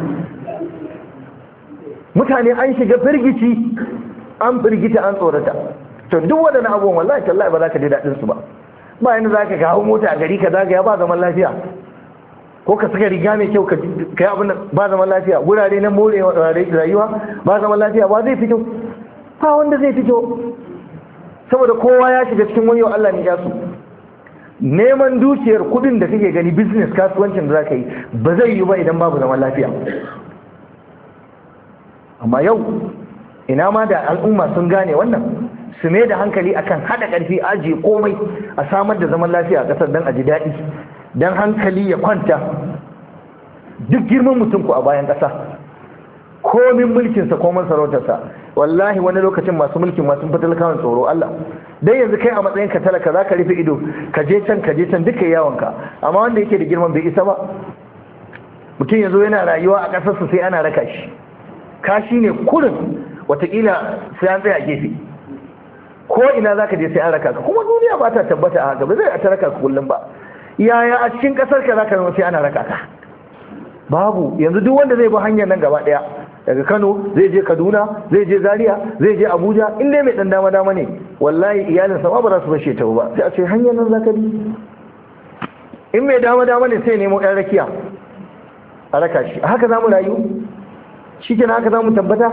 mutane an shiga firgici an firgita an tsorata to duk waɗannan abubuwan wallahi tallahi ba za ka ji daɗin su ba ba yana za ka kawo mota a gari ka zagaya ba zaman lafiya ko ka saka riga mai kyau ka yi abin ba zaman lafiya wurare na more rayuwa ba zaman lafiya ba zai fito ba wanda zai fito saboda kowa ya shiga cikin wani Allah ne ya su neman dukiyar kudin da kake gani business kasuwancin da ka yi ba zai yi ba idan babu zaman lafiya amma yau ina ma da al'umma sun gane wannan su ne da hankali akan hada karfi ajiye komai a samar da zaman lafiya a kasar a ji daɗi don hankali ya kwanta duk girman mutum ku a bayan ƙasa komin mulkinsa komin sarautarsa wallahi wani lokacin masu mulkin masu kawon tsoro Allah dai yanzu kai a matsayin ka talaka ka rufe ido ka je can ka je can duka yawon amma wanda yake da girman bai isa ba mutum yanzu yana rayuwa a su sai ana raka shi kashi ne kurin watakila sai an tsaya a gefe ko ina za ka je sai an raka ka kuma duniya ba ta tabbata a haka ba zai a ta raka ka kullum ba yaya a cikin ƙasar ka zaka zama sai ana raka ka babu yanzu duk wanda zai bi hanyar nan gaba ɗaya daga Kano zai je Kaduna zai je Zaria zai je Abuja in dai mai dan dama dama ne wallahi iyalin sa ba za su bashe ta ba sai a ce hanyar nan zaka bi in mai dama dama ne sai nemo ɗan rakiya a raka shi haka za mu rayu shi kenan haka za mu tabbata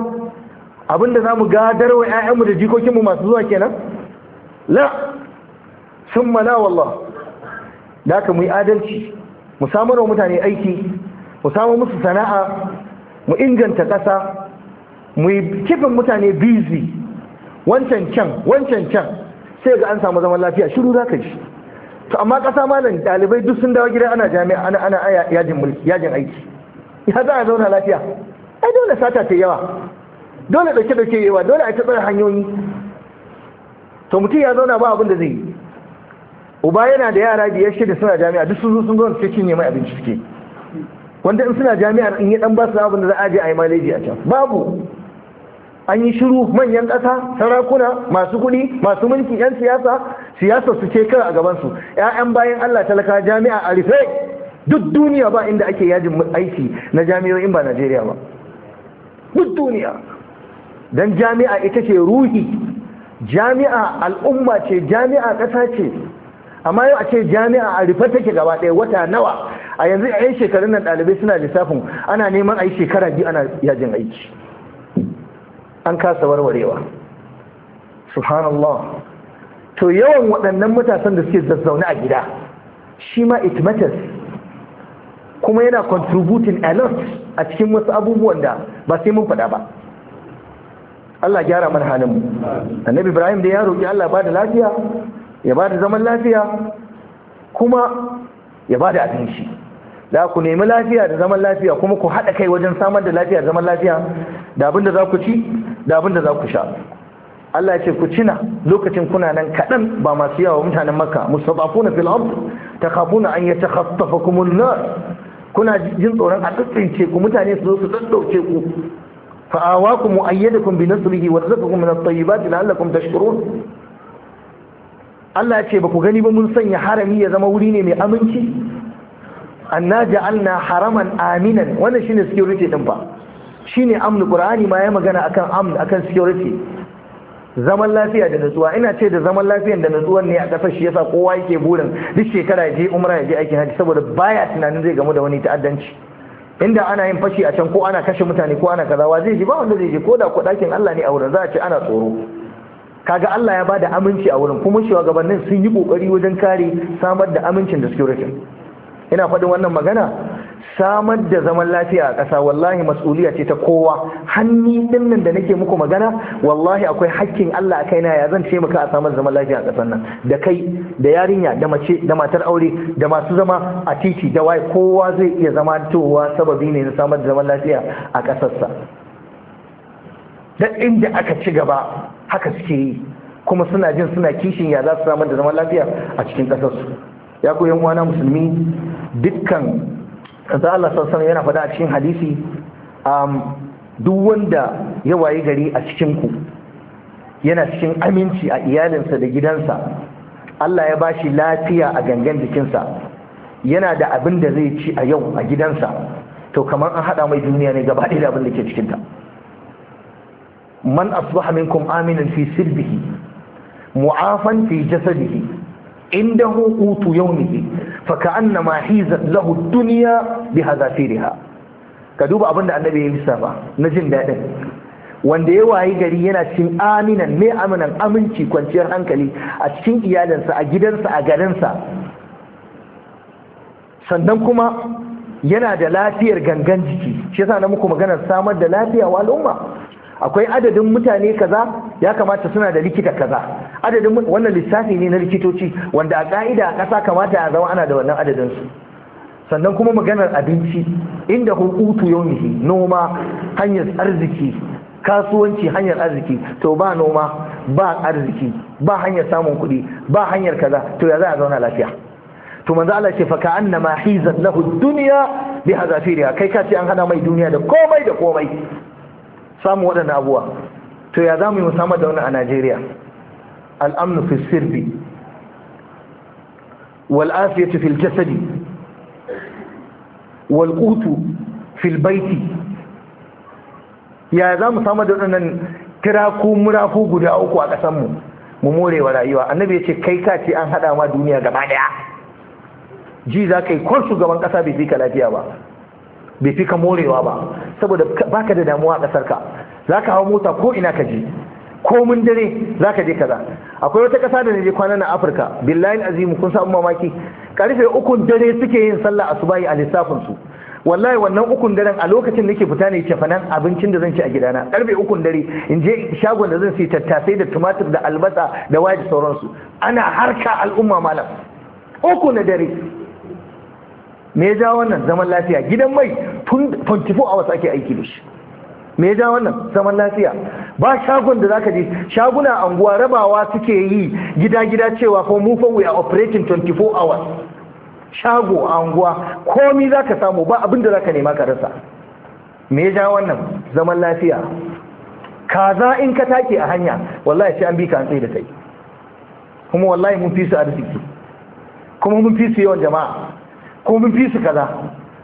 abinda za mu gadar wa ƴaƴanmu da jikokinmu masu zuwa kenan la sun mana wallah da ka mu yi adalci mu samar wa mutane aiki mu samar musu sana'a mu inganta ƙasa mu yi kifin mutane busy wancan can wancan can sai ga an samu zaman lafiya shiru za ka ji to amma ƙasa malam ɗalibai duk sun dawo gida ana jami'a ana ana yajin mulki yajin aiki ya za a zauna lafiya ai dole sata ta yawa dole ɗauke ɗauke yawa dole a ta hanyoyi to mutum ya zauna ba abin da zai yi uba yana da yara biyar shida suna jami'a duk sun zo sun zo su cinye mai abinci suke wanda in suna jami'ar in yi dan ba su abin da za a je a yi maleji a can babu an yi shiru manyan ƙasa sarakuna masu kuɗi masu mulki 'yan siyasa siyasa su ce kar a su 'ya'yan bayan allah talaka jami'a a rufe duk duniya ba inda ake yajin aiki na jami'o'in ba najeriya ba duk duniya don jami'a ita ce ruhi jami'a al'umma ce jami'a ƙasa ce amma yau a ce jami'a a rufe take gaba ɗaya wata nawa a yanzu a yi shekarun nan ɗalibai suna lissafin ana neman a yi shekara biyu ana yajin aiki an kasa warwarewa subhanallah to yawan waɗannan matasan da suke zazzaune a gida shi ma it matters kuma yana contributing a lot a cikin wasu abubuwan da ba sai mun faɗa ba Allah gyara mana halin mu annabi Ibrahim da ya roki Allah ba da lafiya ya ba da zaman lafiya kuma ya ba da abinci da ku nemi lafiya da zaman lafiya kuma ku haɗa kai wajen samar da lafiya da zaman lafiya da abin da za ku ci da abin da za ku sha Allah ya ce ku cina lokacin kuna nan kaɗan ba masu yawa mutanen makka mustadafuna fil ard takhafuna an yatakhaffafakum an-nar kuna jin tsoron a tsaftace ku mutane su zo su daddauke ku fa awakum mu'ayyadakum bi nasrihi wa razaqakum min at-tayyibat la'allakum tashkurun Allah ce ba ku gani ba mun sanya harami ya zama wuri ne mai aminci anna ja'alna haraman aminan wannan shine security din ba shine amnu qur'ani ma ya magana akan amn akan security zaman lafiya da nutsuwa ina ce da zaman lafiyan da nutsuwan ne a kasar shi yasa kowa yake burin duk shekara ya je umra ya je aikin hajji saboda baya tunanin zai gamu da wani ta'addanci inda ana yin fashi a can ko ana kashe mutane ko ana kazawa zai ji ba wanda zai je ko da ko dakin Allah ne a wurin za a ce ana tsoro kaga Allah ya bada aminci a wurin kuma shugabannin sun yi kokari wajen kare samar da amincin da security ina faɗin wannan magana samar da zaman lafiya a ƙasa wallahi mas'uliya ce ta kowa hanni dinnan da nake muku magana wallahi akwai hakkin Allah a kaina ya zan ce muka a samar zaman lafiya a ƙasar nan da kai da yarinya da mace da matar aure da masu zama a titi da waye kowa zai iya zama towa sababi ne na samar da zaman lafiya a ƙasarsa duk inda aka ci gaba haka suke yi kuma suna jin suna kishin ya za su samar da zaman lafiya a cikin ƙasarsu ya ku yan uwana musulmi dukkan za Allah sassan yana faɗa a cikin hadisi duk wanda ya wayi gari a cikin ku yana cikin aminci a iyalinsa da gidansa Allah ya ba shi lafiya a gangan jikinsa yana da abin da zai ci a yau a gidansa to kamar an haɗa mai duniya ne gaba ɗaya da abin da ke cikinta man أصبح منكم aminan في sirbihi معافا في جسده عنده قوت يومه fa حيزت له lahu بهذا dunya bi hadafiriha ka duba da annabi ya ba na jin daɗin. wanda ya wayi gari yana cin aminan mai aminan aminci kwanciyar hankali a cikin iyalinsa a gidansa a garinsa sannan kuma yana da lafiyar gangan jiki shi yasa na muku maganar samar da lafiya wa al'umma akwai adadin mutane kaza ya kamata suna da likita kaza adadin wannan lissafi ne na likitoci wanda a ka'ida a ƙasa kamata a zama ana da wannan adadin su sannan kuma maganar abinci inda hukutu yaumihi noma hanyar arziki kasuwanci hanyar arziki to ba noma ba arziki ba hanyar samun kuɗi ba hanyar kaza to ya za a zauna lafiya to manzo Allah ce fa ka annama hizat lahu dunya bi hazafiriya kai ka an hada mai duniya da komai da komai Samun waɗannan abuwa to ya za mu yi musamman da wani a najeriya al'amnu fi sirbi wal'afiyatu fil jasadi wal'utu fil baiti ya za mu samar da waɗannan tiraku murafu guda uku a ƙasanmu mu morewa rayuwa annabi ya ce kai ka ce an haɗa ma duniya gaba ɗaya ji za ka yi kwan shugaban ƙasa bai fi ka lafiya ba bai fi ka morewa ba saboda baka da damuwa a kasar ka zaka hau mota ko ina ka je ko mun dare ka je kaza akwai wata kasa da je kwana na Afirka billahi azimu kun samu mamaki karfe ukun dare suke yin sallah a subayi a lissafin su wallahi wannan ukun daren a lokacin nake fita ne nan abincin da zan ci a gidana karfe ukun dare in je shagon da zan sai tattasai da tumatir da albasa da waje sauransu ana harka al'umma malam uku na dare me ja wannan zaman lafiya gidan mai tun 24 hours ake aiki da shi me ja wannan zaman lafiya ba shagon da zaka je shaguna anguwa rabawa suke yi gida gida cewa ko mu fa we are operating 24 hours shago anguwa komi zaka samu ba abin da zaka nema ka rasa me ja wannan zaman lafiya kaza in ka take a hanya wallahi sai an bi ka an tsaye da kai kuma wallahi mun fi su arziki kuma mun fi su yawan jama'a ko mun fi su kaza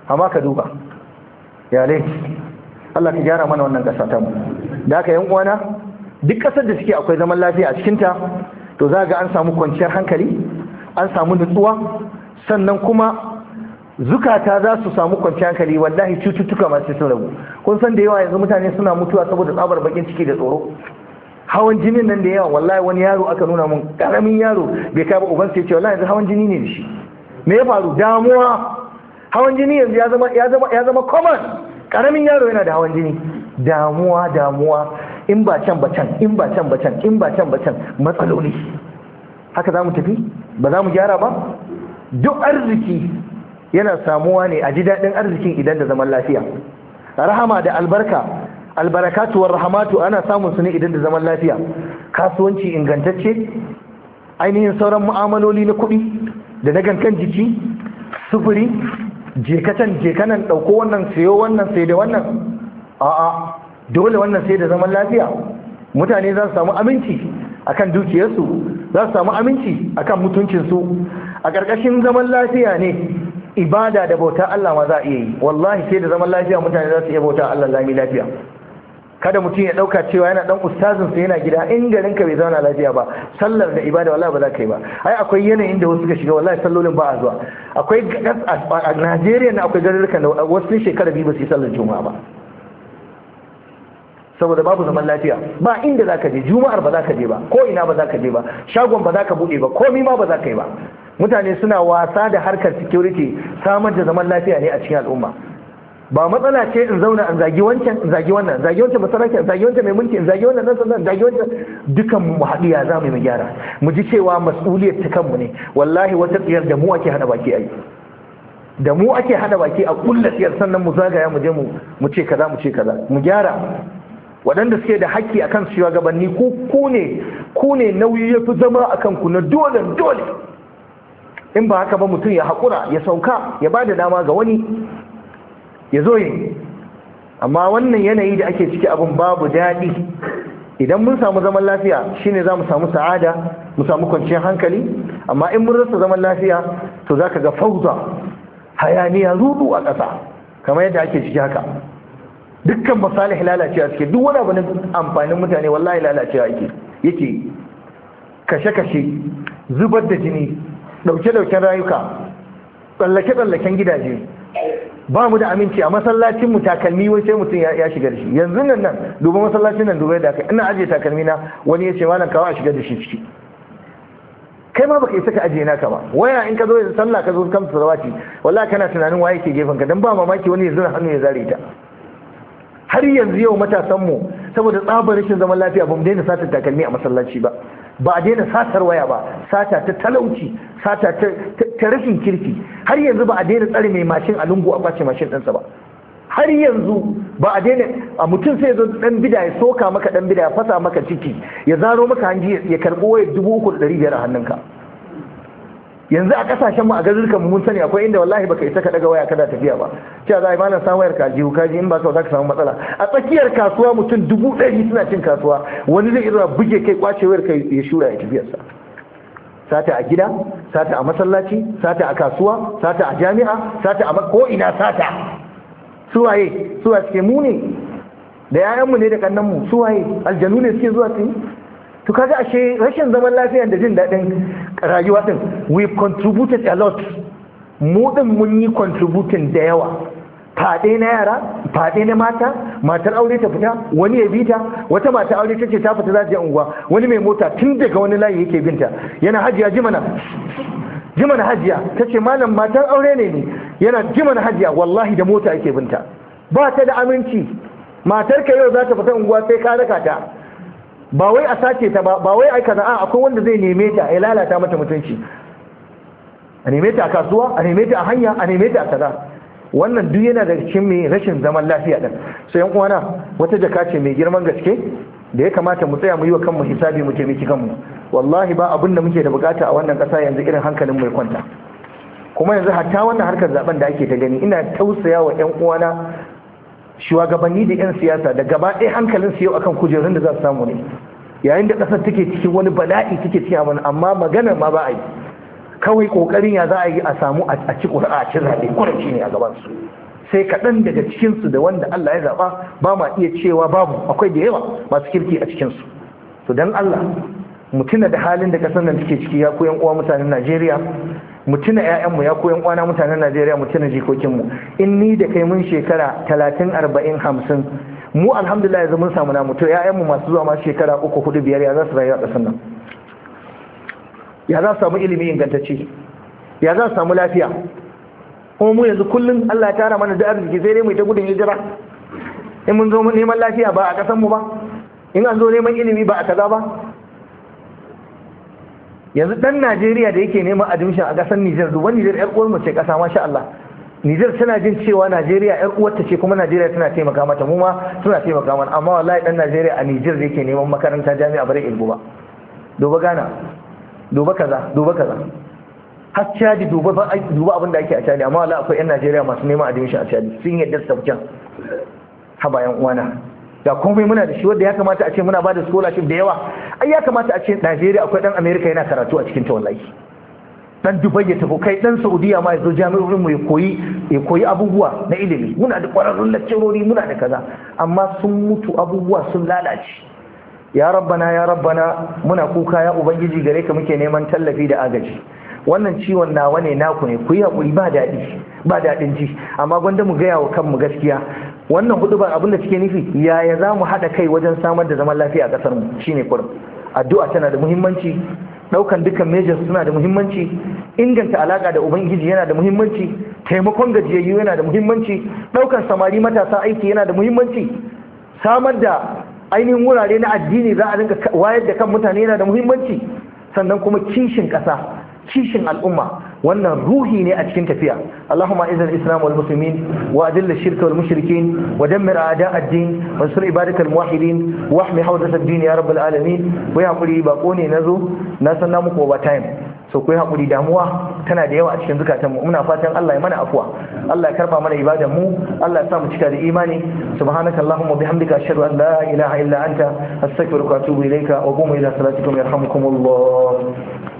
amma ka duba yare Allah ka gyara mana wannan kasa ta mu da aka yan uwana duk ƙasar da suke akwai zaman lafiya a cikinta to za ga an samu kwanciyar hankali an samu nutsuwa sannan kuma zukata za su samu kwanciyar hankali wallahi cututtuka masu sun rabu kun san da yawa yanzu mutane suna mutuwa saboda tsabar bakin ciki da tsoro hawan jinin nan da yawa wallahi wani yaro aka nuna mun karamin yaro bai kai ba uban sai ce wallahi yanzu hawan jini ne da shi me ya faru damuwa hawan jini yanzu ya zama ya zama common karamin yaro yana da hawan jini damuwa damuwa in ba can ba can in ba can ba can in ba can ba can matsaloli haka za mu tafi ba za mu gyara ba duk arziki yana samuwa ne a ji daɗin arzikin idan da zaman lafiya rahama da albarka albarakatu rahamatu ana samun su ne idan da zaman lafiya kasuwanci ingantacce ainihin sauran mu'amaloli na kuɗi da na gankan jiki sufuri jekatan jekanan ɗauko wannan sayo wannan sai da wannan a'a dole wannan sai da zaman lafiya mutane za su samu aminci akan dukiyarsu za su samu aminci akan mutuncinsu a ƙarƙashin zaman lafiya ne ibada da bauta Allah ma za a iya yi wallahi sai da zaman lafiya mutane za su iya bauta Allah lami lafiya kada mutum ya dauka cewa yana dan ustazin sa yana gida in garin ka bai zauna lafiya ba sallar da ibada wallahi ba za ka yi ba ai akwai yanayin da wasu suka shiga wallahi sallolin ba a zuwa akwai a Najeriya na akwai garurukan da wasu shekara biyu ba su yi sallar juma'a ba saboda babu zaman lafiya ba inda za ka je juma'ar ba ka je ba ko ina ba ka je ba shagon ba ka bude ba komai ma ba ka yi ba mutane suna wasa da harkar security samar da zaman lafiya ne a cikin al'umma ba matsala ce in zauna in zagi wancan in zagi wannan zagi wancan masarauta in zagi wancan mai mulki in zagi wannan nan in zagi wancan dukan mu haɗu ya za mu yi gyara mu ji cewa mas'uliyar ta kanmu ne wallahi wata tsiyar da mu ake hada baki ai da mu ake hada baki a kulla tsiyar sannan mu zagaya mu je mu mu ce kaza mu ce kaza mu gyara waɗanda suke da haƙƙi akan shugabanni ku ku ne ku ne nauyi ya fi zama akan ku na dole dole in ba haka ba mutum ya haƙura ya sauka ya ba da dama ga wani ya zo yi amma wannan yanayi da ake ciki abin babu daɗi idan mun samu zaman lafiya shi ne za mu samu sa'ada mu samu kwanciyar hankali amma in mun rasa zaman lafiya to za ka ga fauza hayaniya rudu a ƙasa kamar yadda ake ciki haka dukkan masalih lalacewa suke duk wani abu na amfanin mutane wallahi lalacewa yake yake kashe-kashe zubar da jini ɗauke-ɗauken rayuka tsallake-tsallaken gidaje ba mu da aminci a masallacin mu takalmi wai sai mutum ya shiga da shi yanzu nan nan duba masallacin nan duba da kai ina ajiye takalmi na wani ya ce malam kawo a shiga da shi ciki kai ma baka isa ka ajiye naka ba waya in ka zo yanzu, sallah ka zo kan salawati wallahi kana tunanin waye ke gefen ka dan ba mamaki wani ya zura hannu ya zare ta har yanzu yau matasan mu saboda tsabar rashin zaman lafiya ba mu daina sata takalmi a masallaci ba ba a daina satar waya ba sata ta talauci sata ta rashin kirki har yanzu ba a daina tsare mai mashin a lungu a kwace mashin ɗansa ba har yanzu ba a daina a mutum sai zo ɗan bida ya soka maka dan bida ya fasa maka ciki ya zaro maka hanji ya karɓo waya dubu uku da ɗari biyar a hannunka yanzu a kasashen mu a gazurkan mu mun sani akwai inda wallahi baka isa ka daga waya kada tafiya ba cewa za a yi malam samayar wayar ka jihu kaji in ba ka za ka samu matsala a tsakiyar kasuwa mutum dubu ɗari suna cin kasuwa wani zai iya buge kai kwace wayar kai ya shura ya sa sata a gida sata a masallaci sata a kasuwa sata a jami'a sata a ko ina sata suwaye suwa suke mu ne da mu ne da su suwaye aljanu ne suke zuwa su to kaga ashe rashin zaman lafiya da jin daɗin rayuwa din we contributed a lot mu din mun yi contributing da yawa fade na yara fade na mata matar aure ta fita wani ya bita wata mata aure ta ce ta fita za ta je unguwa wani mai mota tun daga wani layi yake binta yana hajiya jimana jimana hajiya ta ce malam matar aure ne ne yana jimana hajiya wallahi da mota yake binta ba ta da aminci matar ka yau za ta fita unguwa sai ka raka ta ba wai a sace ta ba ba wai a kaza a akwai wanda zai neme ta ya lalata mata mutunci a neme ta a kasuwa a neme ta a hanya a neme ta a kaza wannan duk yana da cikin mai rashin zaman lafiya din so yan uwana wata jaka ce mai girman gaske da ya kamata mu tsaya mu yi wa kanmu hisabi mu taimaki kanmu wallahi ba abin da muke da bukata a wannan kasa yanzu irin hankalin mai kwanta kuma yanzu hatta wannan harkar zaben da ake ta gani ina tausaya wa yan uwana shugabanni da 'yan siyasa da gaba ɗaya hankalin su yau akan kujerun da za su samu ne yayin da ƙasar take cikin wani bala'i take cikin abin amma magana ma ba a yi kawai ƙoƙarin ya za a yi a samu a ci ƙura a ci zaɓe ƙurashi ne a gaban su sai kaɗan daga cikinsu da wanda Allah ya zaɓa ba ma iya cewa babu akwai da yawa masu kirki a cikinsu to don Allah mutuna da halin da ƙasar nan take ciki ya koyan uwa mutanen Najeriya mu tuna ƴaƴanmu ya koyan kwana mutanen Najeriya mu tuna jikokinmu in ni da kai mun shekara talatin arba'in hamsin mu alhamdulillah yanzu mun samu namu to 'ya'yanmu masu zuwa ma shekara uku hudu biyar ya za su rayu a ƙasar nan ya za su samu ilimi ingantacce ya za su samu lafiya kuma mu yanzu kullum Allah ya tara mana da arziki sai dai mu ta gudun hijira in mun zo neman lafiya ba a ƙasar mu ba in an zo neman ilimi ba a kaza ba yanzu dan najeriya da yake neman admission a kasar nijar duba nijar yar uwar mu ce kasa masha Allah nijar tana jin cewa najeriya yar ta ce kuma najeriya tana taimaka mata mu ma suna taimaka mana amma wallahi dan najeriya a nijar da yake neman makaranta jami'a bare ilmu ba duba gana duba kaza duba kaza har cadi duba duba abin da ake a cadi amma wallahi akwai yan najeriya masu neman admission a cadi sun yadda su tafi can ha bayan uwana da komai muna da shi wanda ya kamata a ce muna ba da scholarship da yawa ai ya kamata a ce Najeriya akwai dan America yana karatu a cikin ta wallahi dan Dubai ya tafi kai dan Saudiya ma ya zo jami'o'in mu ya koyi ya koyi abubuwa na ilimi muna da kwararrun lecturori muna da kaza amma sun mutu abubuwa sun lalace ya rabbana ya rabbana muna kuka ya ubangiji gare ka muke neman tallafi da agaji wannan ciwon nawa ne naku ne ku yi haƙuri ba daɗi ba daɗin ji amma gwanda mu gaya wa kanmu gaskiya wannan hudu ba abin da suke nufi yaya za mu haɗa kai wajen samar da zaman lafiya a ƙasar mu shine kurin addu'a tana da muhimmanci ɗaukan dukkan measures suna da muhimmanci inganta alaƙa da ubangiji yana da muhimmanci taimakon gajiyayyu yana da muhimmanci ɗaukan samari matasa aiki yana da muhimmanci samar da ainihin wurare na addini za a rinka wayar da kan mutane yana da muhimmanci sannan kuma kishin ƙasa kishin al'umma wannan ruhi ne a cikin tafiya Allahumma izal islam wal muslimin wa adill ash-shirk wal mushrikin wa dammir a'da ad-din wa ansur ibadakal muwahhidin wa ahmi hawzat ad-din ya rabbal alamin ku hakuri ba ko ne nazo na san na muku ba time so ku hakuri damuwa tana da yawa a cikin zukatan mu muna fatan Allah ya mana afuwa Allah ya karba mana ibadan mu Allah ya sa mu cika da imani subhanaka allahumma bihamdika ashhadu an la ilaha illa anta astaghfiruka wa atubu ilayka wa qumu ila salatikum yarhamukumullah